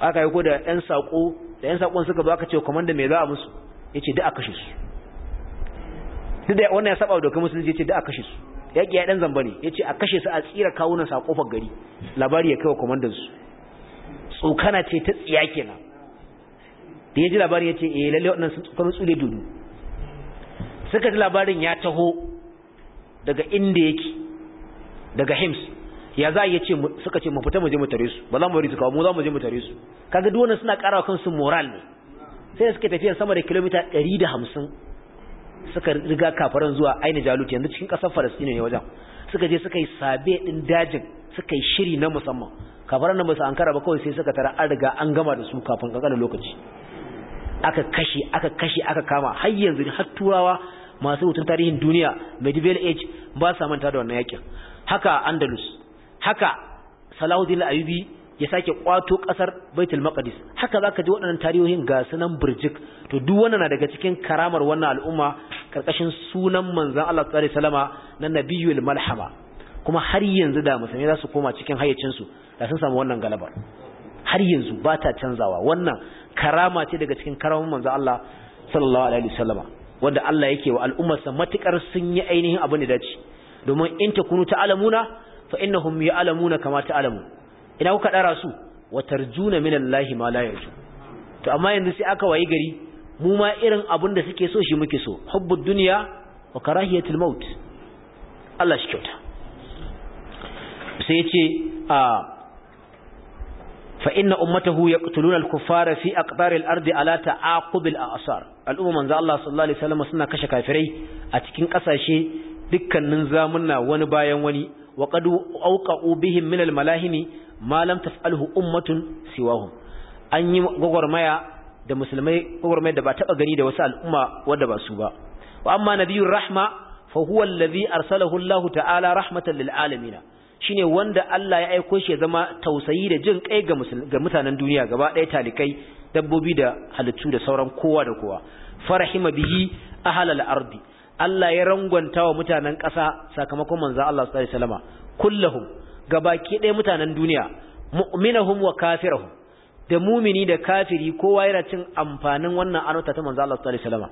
aka aiko da yan sako da yan sakon suka ba aka ce komanda me za a musu yace da a kashe su duk da wannan ya saba da dokar musulunci yace da a kashe su yaƙi ya ɗan zamba ne ya ce a kashe su a tsira kawunan sa kofar gari labari ya kai wa kwamandan su tsokana ce ta tsiya kenan da ya ji labarin ya ce eh lalle waɗannan sun tsokano tsule dudu suka ji labarin ya taho daga inda yake daga hims ya za ya ce suka ce mu fita mu je mu tare su ba za mu bari su kawo mu za mu je mu tare su kaga duk wannan suna ƙara kansu moral ne sai suka tafiya sama da kilomita hamsin. suka riga kafaran zuwa aini jalut yanzu cikin kasar falastinu ne wajen suka je suka yi sabe ɗin dajin suka yi shiri na musamman kafaran nan ba ankara ba kawai sai suka tara an riga an gama da su kafin kankanin lokaci aka kashe aka kashe aka kama har yanzu har turawa masu hutun tarihin duniya medieval age ba sa manta da wannan yakin haka andalus haka salahuddin ayubi ya sake kwato kasar Baitul Maqdis haka zaka ji waɗannan tarihohin ga sunan burjik to duk wannan na daga cikin karamar wannan al'umma karkashin sunan manzon Allah sallallahu alaihi na nabiyul malhama kuma har yanzu da musulmi za su koma cikin hayyacin su da sun samu wannan galabar har yanzu ba ta canzawa wannan karama ce daga cikin karamar manzon Allah sallallahu alaihi wasallama wanda Allah yake wa al'ummarsa matukar sun yi ainihin abin da dace domin in takunu ta'lamuna fa innahum ya'lamuna kama ta'lamun ina kuka dara su wa tarjuna minallahi ma la yarju to amma yanzu sai aka wayi gari mu ma irin abin da suke so shi muke so hubbud dunya wa karahiyatul maut Allah shi kyauta sai yace a fa inna ummatahu yaqtuluna al-kuffara fi aqtar al-ard ala ta'aqub al-asar al-umma manzo Allah sallallahu alaihi wasallam suna kashe kafirai a cikin kasashe dukkanin zamunna wani bayan wani wa qad awqa'u bihim min al-malahimi Malam taf'alhu ummatun siwahum an yi gwagwarmaya da musulmai gwagwarmaya da ba taba gani da wasu al'umma wanda ba su ba wa amma nabiyur rahma fa huwa allazi arsalahu Allah ta'ala rahmatan lil alamin shine wanda Allah ya aiko shi ya zama tausayi da jin kai ga ga mutanen duniya gaba ɗaya talikai dabbobi da halittu da sauran kowa da kowa farahima bihi ahlal ardi Allah ya rangwanta wa mutanen ƙasa sakamakon manzo Allah sallallahu alaihi wasallama kullahum gabaki ɗaya mutanen duniya mu'minahum wa kafirahum da mumini da kafiri kowa yana cin amfanin wannan anota ta manzo Allah sallallahu alaihi wasallam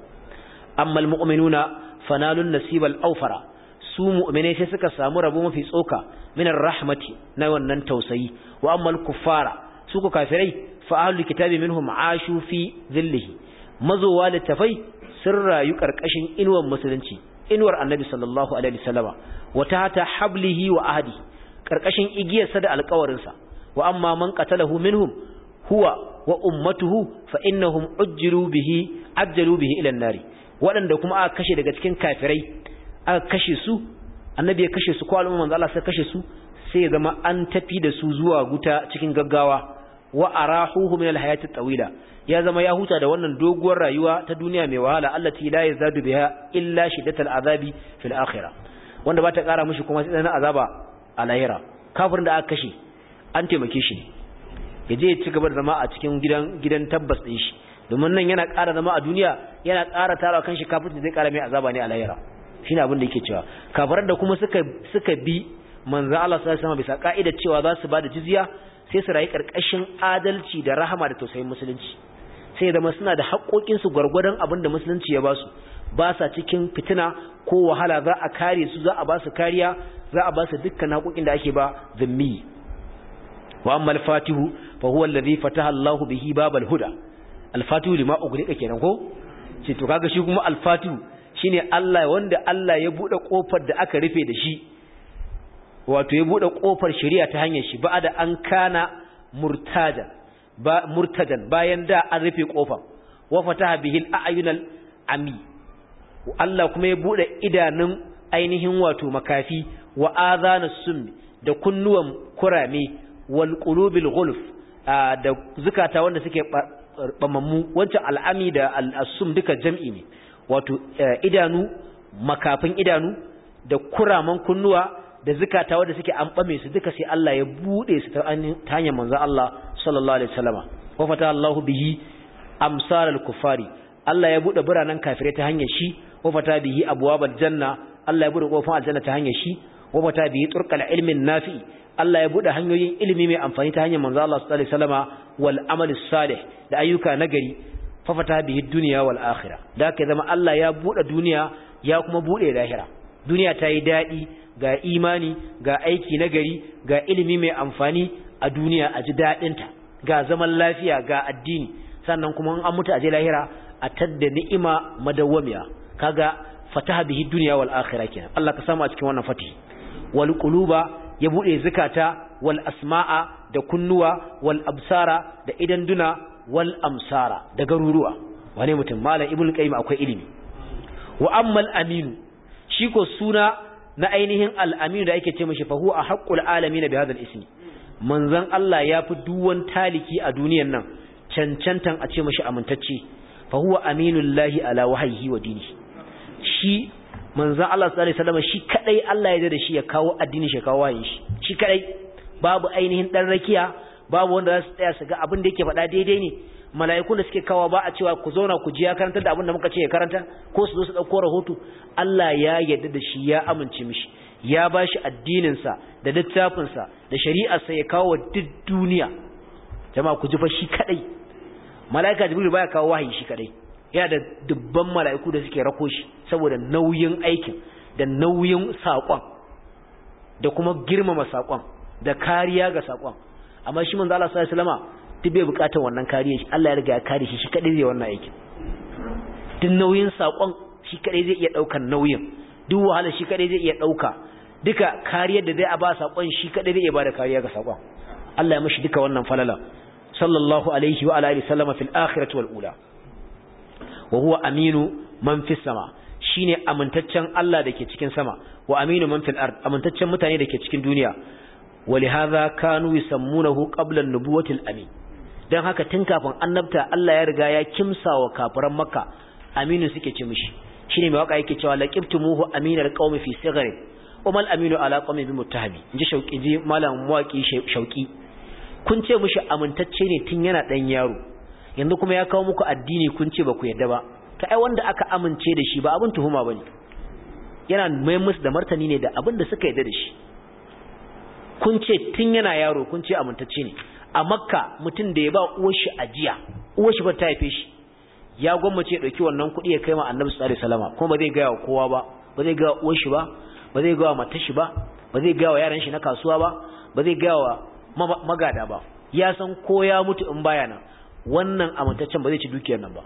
amma almu'minuna fanalun nasibal awfara su mu'mine sai suka samu rabo mafi tsoka min rahmati na wannan tausayi wa amma alkuffara su ku kafirai fa ahlul kitabi minhum ashu fi dhillihi mazowa littafai sun rayu karkashin inuwar musulunci inuwar annabi sallallahu alaihi wasallama wa ta hablihi wa ahdi karkashin igiyarsa da alƙawarinsa wa amma man qatalahu minhum huwa wa ummatuhu fa innahum ujjiru bihi ajjalu bihi ila nari waɗanda kuma aka kashe daga cikin kafirai aka kashe su annabi ya kashe su ko al'umma manzo Allah sai kashe su sai ya zama an tafi da su zuwa guta cikin gaggawa wa arahuhu min tsawila tawila ya zama ya huta da wannan doguwar rayuwa ta duniya mai wahala allati la yazadu biha illa shiddatal azabi fil akhirah wanda ba ta kara mishi kuma sai dan azaba a lahira kafirin da aka kashe an taimake shi ne ya je ci gaba da zama a cikin gidan gidan tabbas din shi domin nan yana ƙara zama a duniya yana ƙara tarawa kan shi da zai ƙara mai azaba ne a Shi shine abin da yake cewa kafirin da kuma suka suka bi Manza Allah sallallahu alaihi wasallam bisa ka'idar cewa za su bada jizya sai su rayu karkashin adalci da rahama da tausayin musulunci sai zama suna da haƙoƙin su gwargwadon abin da musulunci ya basu ba sa cikin fitina ko wahala za a kare su za a ba su kariya za a ba su dukkan haƙoƙin da ake ba zimmi wa amma al-fatihu fa huwa alladhi fataha Allahu bihi babal huda al-fatihu lima ugrika kenan ko ce to kaga shi kuma al-fatihu shine Allah wanda Allah ya bude kofar da aka rufe da shi wato ya bude kofar shari'a ta hanyar shi ba da an kana murtajan ba murtadan bayan da an rufe kofar wa fataha bihi al-ayunal ami Allah kuma ya bude idanun ainihin wato makafi wa adhanu summi da kunnuwan kurame wal qulubil ghulf da zukata wanda suke bamammu wancan al'ami da al'asum duka jam'i ne wato e, idanu makafin idanu da kuraman kunnuwa da zukata wanda suke an su duka sai Allah ya bude su ta hanyar manzon Allah sallallahu alaihi wasallama wa fata Allahu bihi amsal al Allah ya bude biranen kafirai ta hanyar shi wa fata bihi abwabal janna Allah ya bude kofar aljanna ta hanyar shi wa mata bi turqal ilmin nafi Allah ya bude hanyoyin ilimi mai amfani ta hanyar manzo Allah sallallahu alaihi wasallama wal salih da ayyuka nagari fa fata bi dunya wal akhirah da ka zama Allah ya bude duniya ya kuma bude lahira duniya ta yi dadi ga imani ga aiki nagari ga ilimi mai amfani a duniya a ji dadin ta ga zaman lafiya ga addini sannan kuma an mutu a je lahira a tadda ni'ima madawwamiya kaga fataha bihi dunya wal akhirah kenan Allah ka samu a cikin wannan fatihi wal quluba ya bude zukata wal asma'a da kunnuwa wal absara da idan duna wal amsara da garuruwa wane mutum malam ibnu qayyim akwai ilimi wa ammal aminu shi ko suna na ainihin al aminu da ake ce mishi fa huwa haqqul alamin bi hadha al ismi manzon Allah ya fi duwan taliki a duniyan nan cancantan a ce mishi amintacce fa huwa aminullahi ala wahyihi wa dinihi shi manzo Allah sallallahu alaihi wasallam shi kadai Allah ya da shi ya kawo addini shi kawo wayin shi shi kadai babu ainihin dan rakiya babu wanda za tsaya su ga abin da yake faɗa daidai ne mala'ikun da suke kawo ba a cewa ku zauna ku ji ya karanta da abin da muka ce ya karanta ko su zo su ɗauko rahoto Allah ya yarda da shi ya amince mishi ya ba shi sa da littafin sa da shari'arsa ya kawo duk duniya jama'a ku ji fa shi kadai mala'ika jibril baya kawo wahayi shi kadai ya da dubban mala'iku da suke rako shi saboda nauyin aikin da nauyin saƙon da kuma girmama saƙon da kariya ga saƙon amma shi manzo Allah sallallahu alaihi wasallama duk bai buƙatar wannan kariya shi Allah ya riga ya kare shi shi kadai zai wannan aikin duk nauyin saƙon shi kadai zai iya daukar nauyin duk wahala shi kadai zai iya dauka duka kariyar da zai a ba saƙon shi kadai zai iya bada kariya ga saƙon Allah ya mishi duka wannan falala sallallahu alaihi wa alihi sallama fil akhirati wal ula wa huwa aminu man fis sama shine amintaccen Allah dake cikin sama wa aminu man fil ard amintaccen mutane dake cikin duniya ولهذا كانوا يسمونه nubuwati al-amin dan haka tun kafin annabta Allah ya riga ya kimsa wa kafiran Makka aminu suke ce mishi shine mai waka yake cewa laqibtumuhu aminar qaumi fi sighari umal aminu ala qaumi bi muttahabi inji shauki ji malam muwaki shauki kun ce mishi amintacce ne tun yana dan yaro yanzu kuma ya kawo muku addini kun ce ba ku yadda ba ta ai wanda aka amince da shi ba abin tuhuma bane yana mai musu da martani ne da abin da suka yadda da shi kun ce tun yana yaro kun ce amintacce ne a makka mutum da ya ba uwar shi ajiya uwar shi ba ta haife shi ya gwammace ya dauki wannan kuɗi ya kai ma annabi sallallahu alaihi wasallam kuma ba zai gaya wa kowa ba ba zai gaya wa uwar shi ba ba zai gaya wa matashi ba ba zai gaya wa yaran shi na kasuwa ba ba zai gaya wa magada ba ya san ko ya mutu in baya nan wannan amintaccen ba zai ci dukiyar nan ba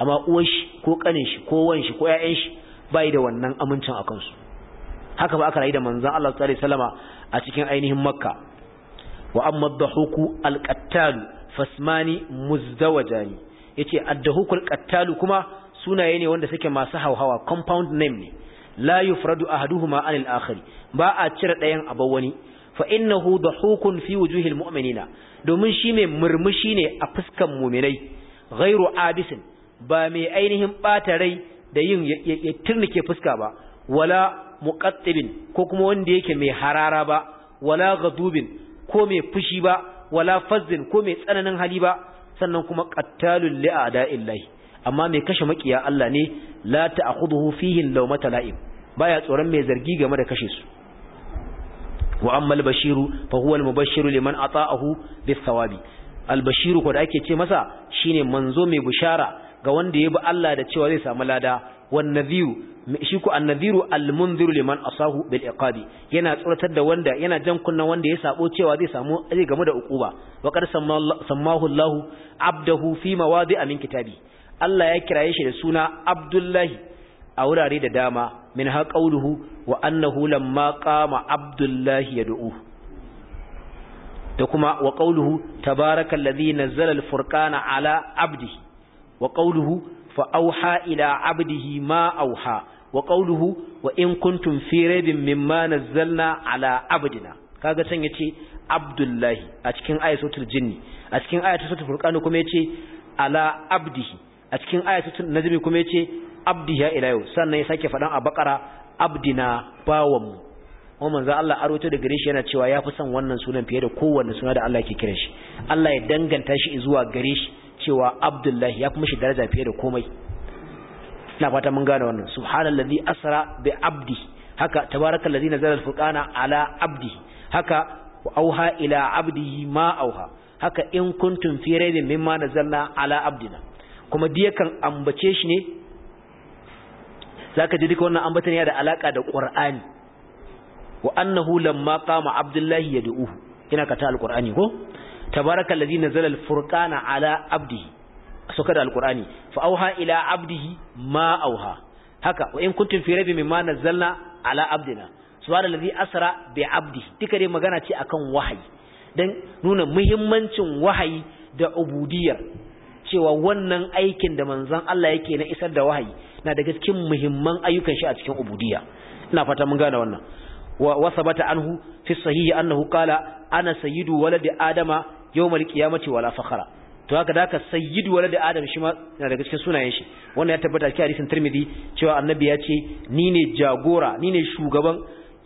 amma uwanshi shi ko kanin shi ko wan shi ko ƴaƴan shi bai da wannan amincin a kansu haka ba aka rayu da manzon Allah sallallahu alaihi wasallama a cikin ainihin Makka wa amma dahuku alqattalu fasmani muzdawajani yace addahuku alqattalu kuma sunaye ne wanda suke masu hauhawa compound name ne la yufradu ahaduhuma anil akhari ba a cire ɗayan abawani fa innahu dahukun fi wujuhil mu'minina domin shi mai murmushi ne a fuskan muminai gairu abisin ba mai ainihin ɓata rai da yin ya turnike fuska ba wala muqattibin ko kuma wanda yake mai harara ba wala gadubin ko mai fushi ba wala fazzin ko mai tsananin hali ba sannan kuma qattalul illahi amma mai kashe maƙiya Allah ne la ta'khudhu fihi lawmata la'im baya tsoron mai zargi game da kashe su wa ammal bashiru fa huwa al-mubashshiru liman ata'ahu bis-sawabi al ko da ake ce masa shine manzo mai bushara ga wanda ya bi Allah da cewa zai samu lada wan nadhiru shi ku an-nadhiru liman asahu bil iqabi yana tsoratar da wanda yana jan kunna wanda ya sabo cewa zai samu zai gamu da ukuba wa qad sammahu Allah abdahu fi mawadi'a min kitabi Allah ya kiraye shi da suna Abdullahi a wurare da dama منها قوله وأنه لما قام عبد الله يدعوه تكما وقوله تبارك الذي نزل الفرقان على عبده وقوله فأوحى إلى عبده ما أوحى وقوله وإن كنتم في ريب مما نزلنا على عبدنا kaga can yace Abdullahi a cikin ayatul jinni a cikin ayatul furqan kuma yace ala abdihi a cikin ayatul najmi kuma yace Abdu ya ila yau sannan ya sake faɗan a bakara abdina bawanmu kuma manzo Allah aroto da gare shi yana cewa yafi fi son wannan sunan fiye da kowanne suna da Allah ke kira shi Allah ya danganta shi zuwa gare shi cewa Abdullahi ya fi mishi daraja fiye da komai ina fata mun gane wannan subhanallazi asra bi abdi haka tabarakallazi nazala alfurqana ala abdi haka auha ila abdihi ma auha haka in kuntum fi raibin mimma nazalna ala abdina kuma diyakan ambace shi ne zaka ji duka wannan ambatan yana da alaka da qur'ani wa annahu lamma qama abdullahi yad'uhu ina kata alqur'ani ko na zalal, alfurqana ala abdihi sauka da alqur'ani fa ila abdihi ma auha haka wa in kuntum fi raibin mimma nazzalna ala abdina subhanallazi asra bi abdihi duka dai magana ce akan wahayi dan nuna muhimmancin wahayi da ubudiyar cewa wannan aikin da manzon Allah yake na isar da wahayi na daga cikin muhimman ayyukan shi a cikin ubudiyya ina fata mun gane wannan wa sabata anhu fi sahihi annahu qala ana sayyidu waladi adama yawmal qiyamati wala fakhara to haka da ka sayyidu waladi adam shi ma na daga cikin sunayen shi wannan ya tabbata cikin hadisin tirmidhi cewa annabi ya ce ni ne jagora ni ne shugaban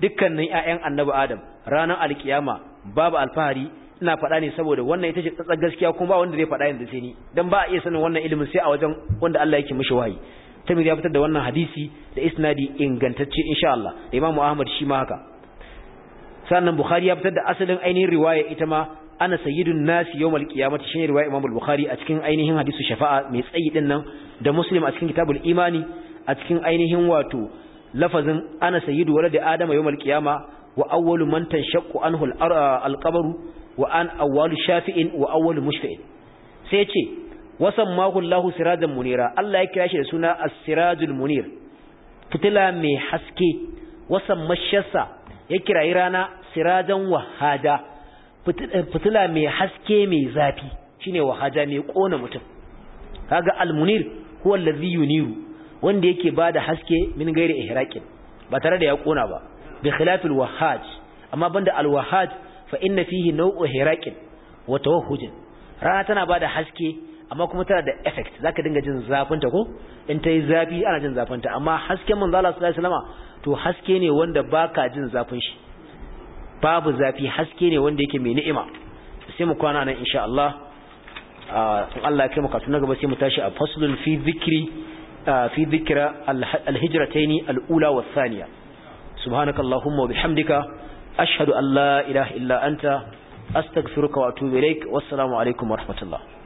dukkanin ƴaƴan annabi adam ranar alkiyama babu alfahari ina faɗa ne saboda wannan ita ce tsatsar gaskiya kuma ba wanda zai faɗa yanzu sai ni dan ba a iya sanin wannan ilimin sai a wajen wanda Allah yake mishi wahayi Tamin ya fitar da wannan hadisi da isnadi ingantacce insha Allah imamu ahmad shi ma haka sannan bukhari ya fitar da asalin ainihin riwaya ita ma ana sayyidun nasi yawmal qiyamati shine riwaya imamu bukhari a cikin ainihin hadisu shafa'a mai tsayi din nan da muslim a cikin kitabul imani a cikin ainihin wato lafazin ana sayyidu walad adama yawmal qiyama wa awwalu man tanshaqqu anhu al-qabru wa an awwalu shafi'in wa awwalu mushfi'in sai ya ce wasan lahu sirajan munira Allah ya kira shi da suna a sirajin munir fitila mai haske wasan mashassa ya kirayi rana sirajan wahada fitila mai haske mai zafi shine wahada mai kona mutum kaga almunir munir huwa yuniru wanda yake ba da haske min gairi hirakin ba tare da ya kona ba bi khilafil wahaj amma banda alwahaj wahaj fa inna fihi nau'o hirakin wata wahujin rana tana bada haske amma kuma tana da effect zaka dinga jin zafin ta ko in ta yi zafi ana jin zafin ta amma hasken manzo Allah sallallahu alaihi wasallama to haske ne wanda baka jin zafin shi babu zafi haske ne wanda yake mai ni'ima sai mu kwana nan insha Allah ah, in Allah ya kai mu kasu na gaba sai mu tashi a faslun fi dhikri ah, fi dhikra al-hijratayn al-ula wa thaniya subhanakallahumma wa bihamdika ashhadu an la ilaha illa anta astaghfiruka wa atubu ilaik wassalamu alaikum wa rahmatullah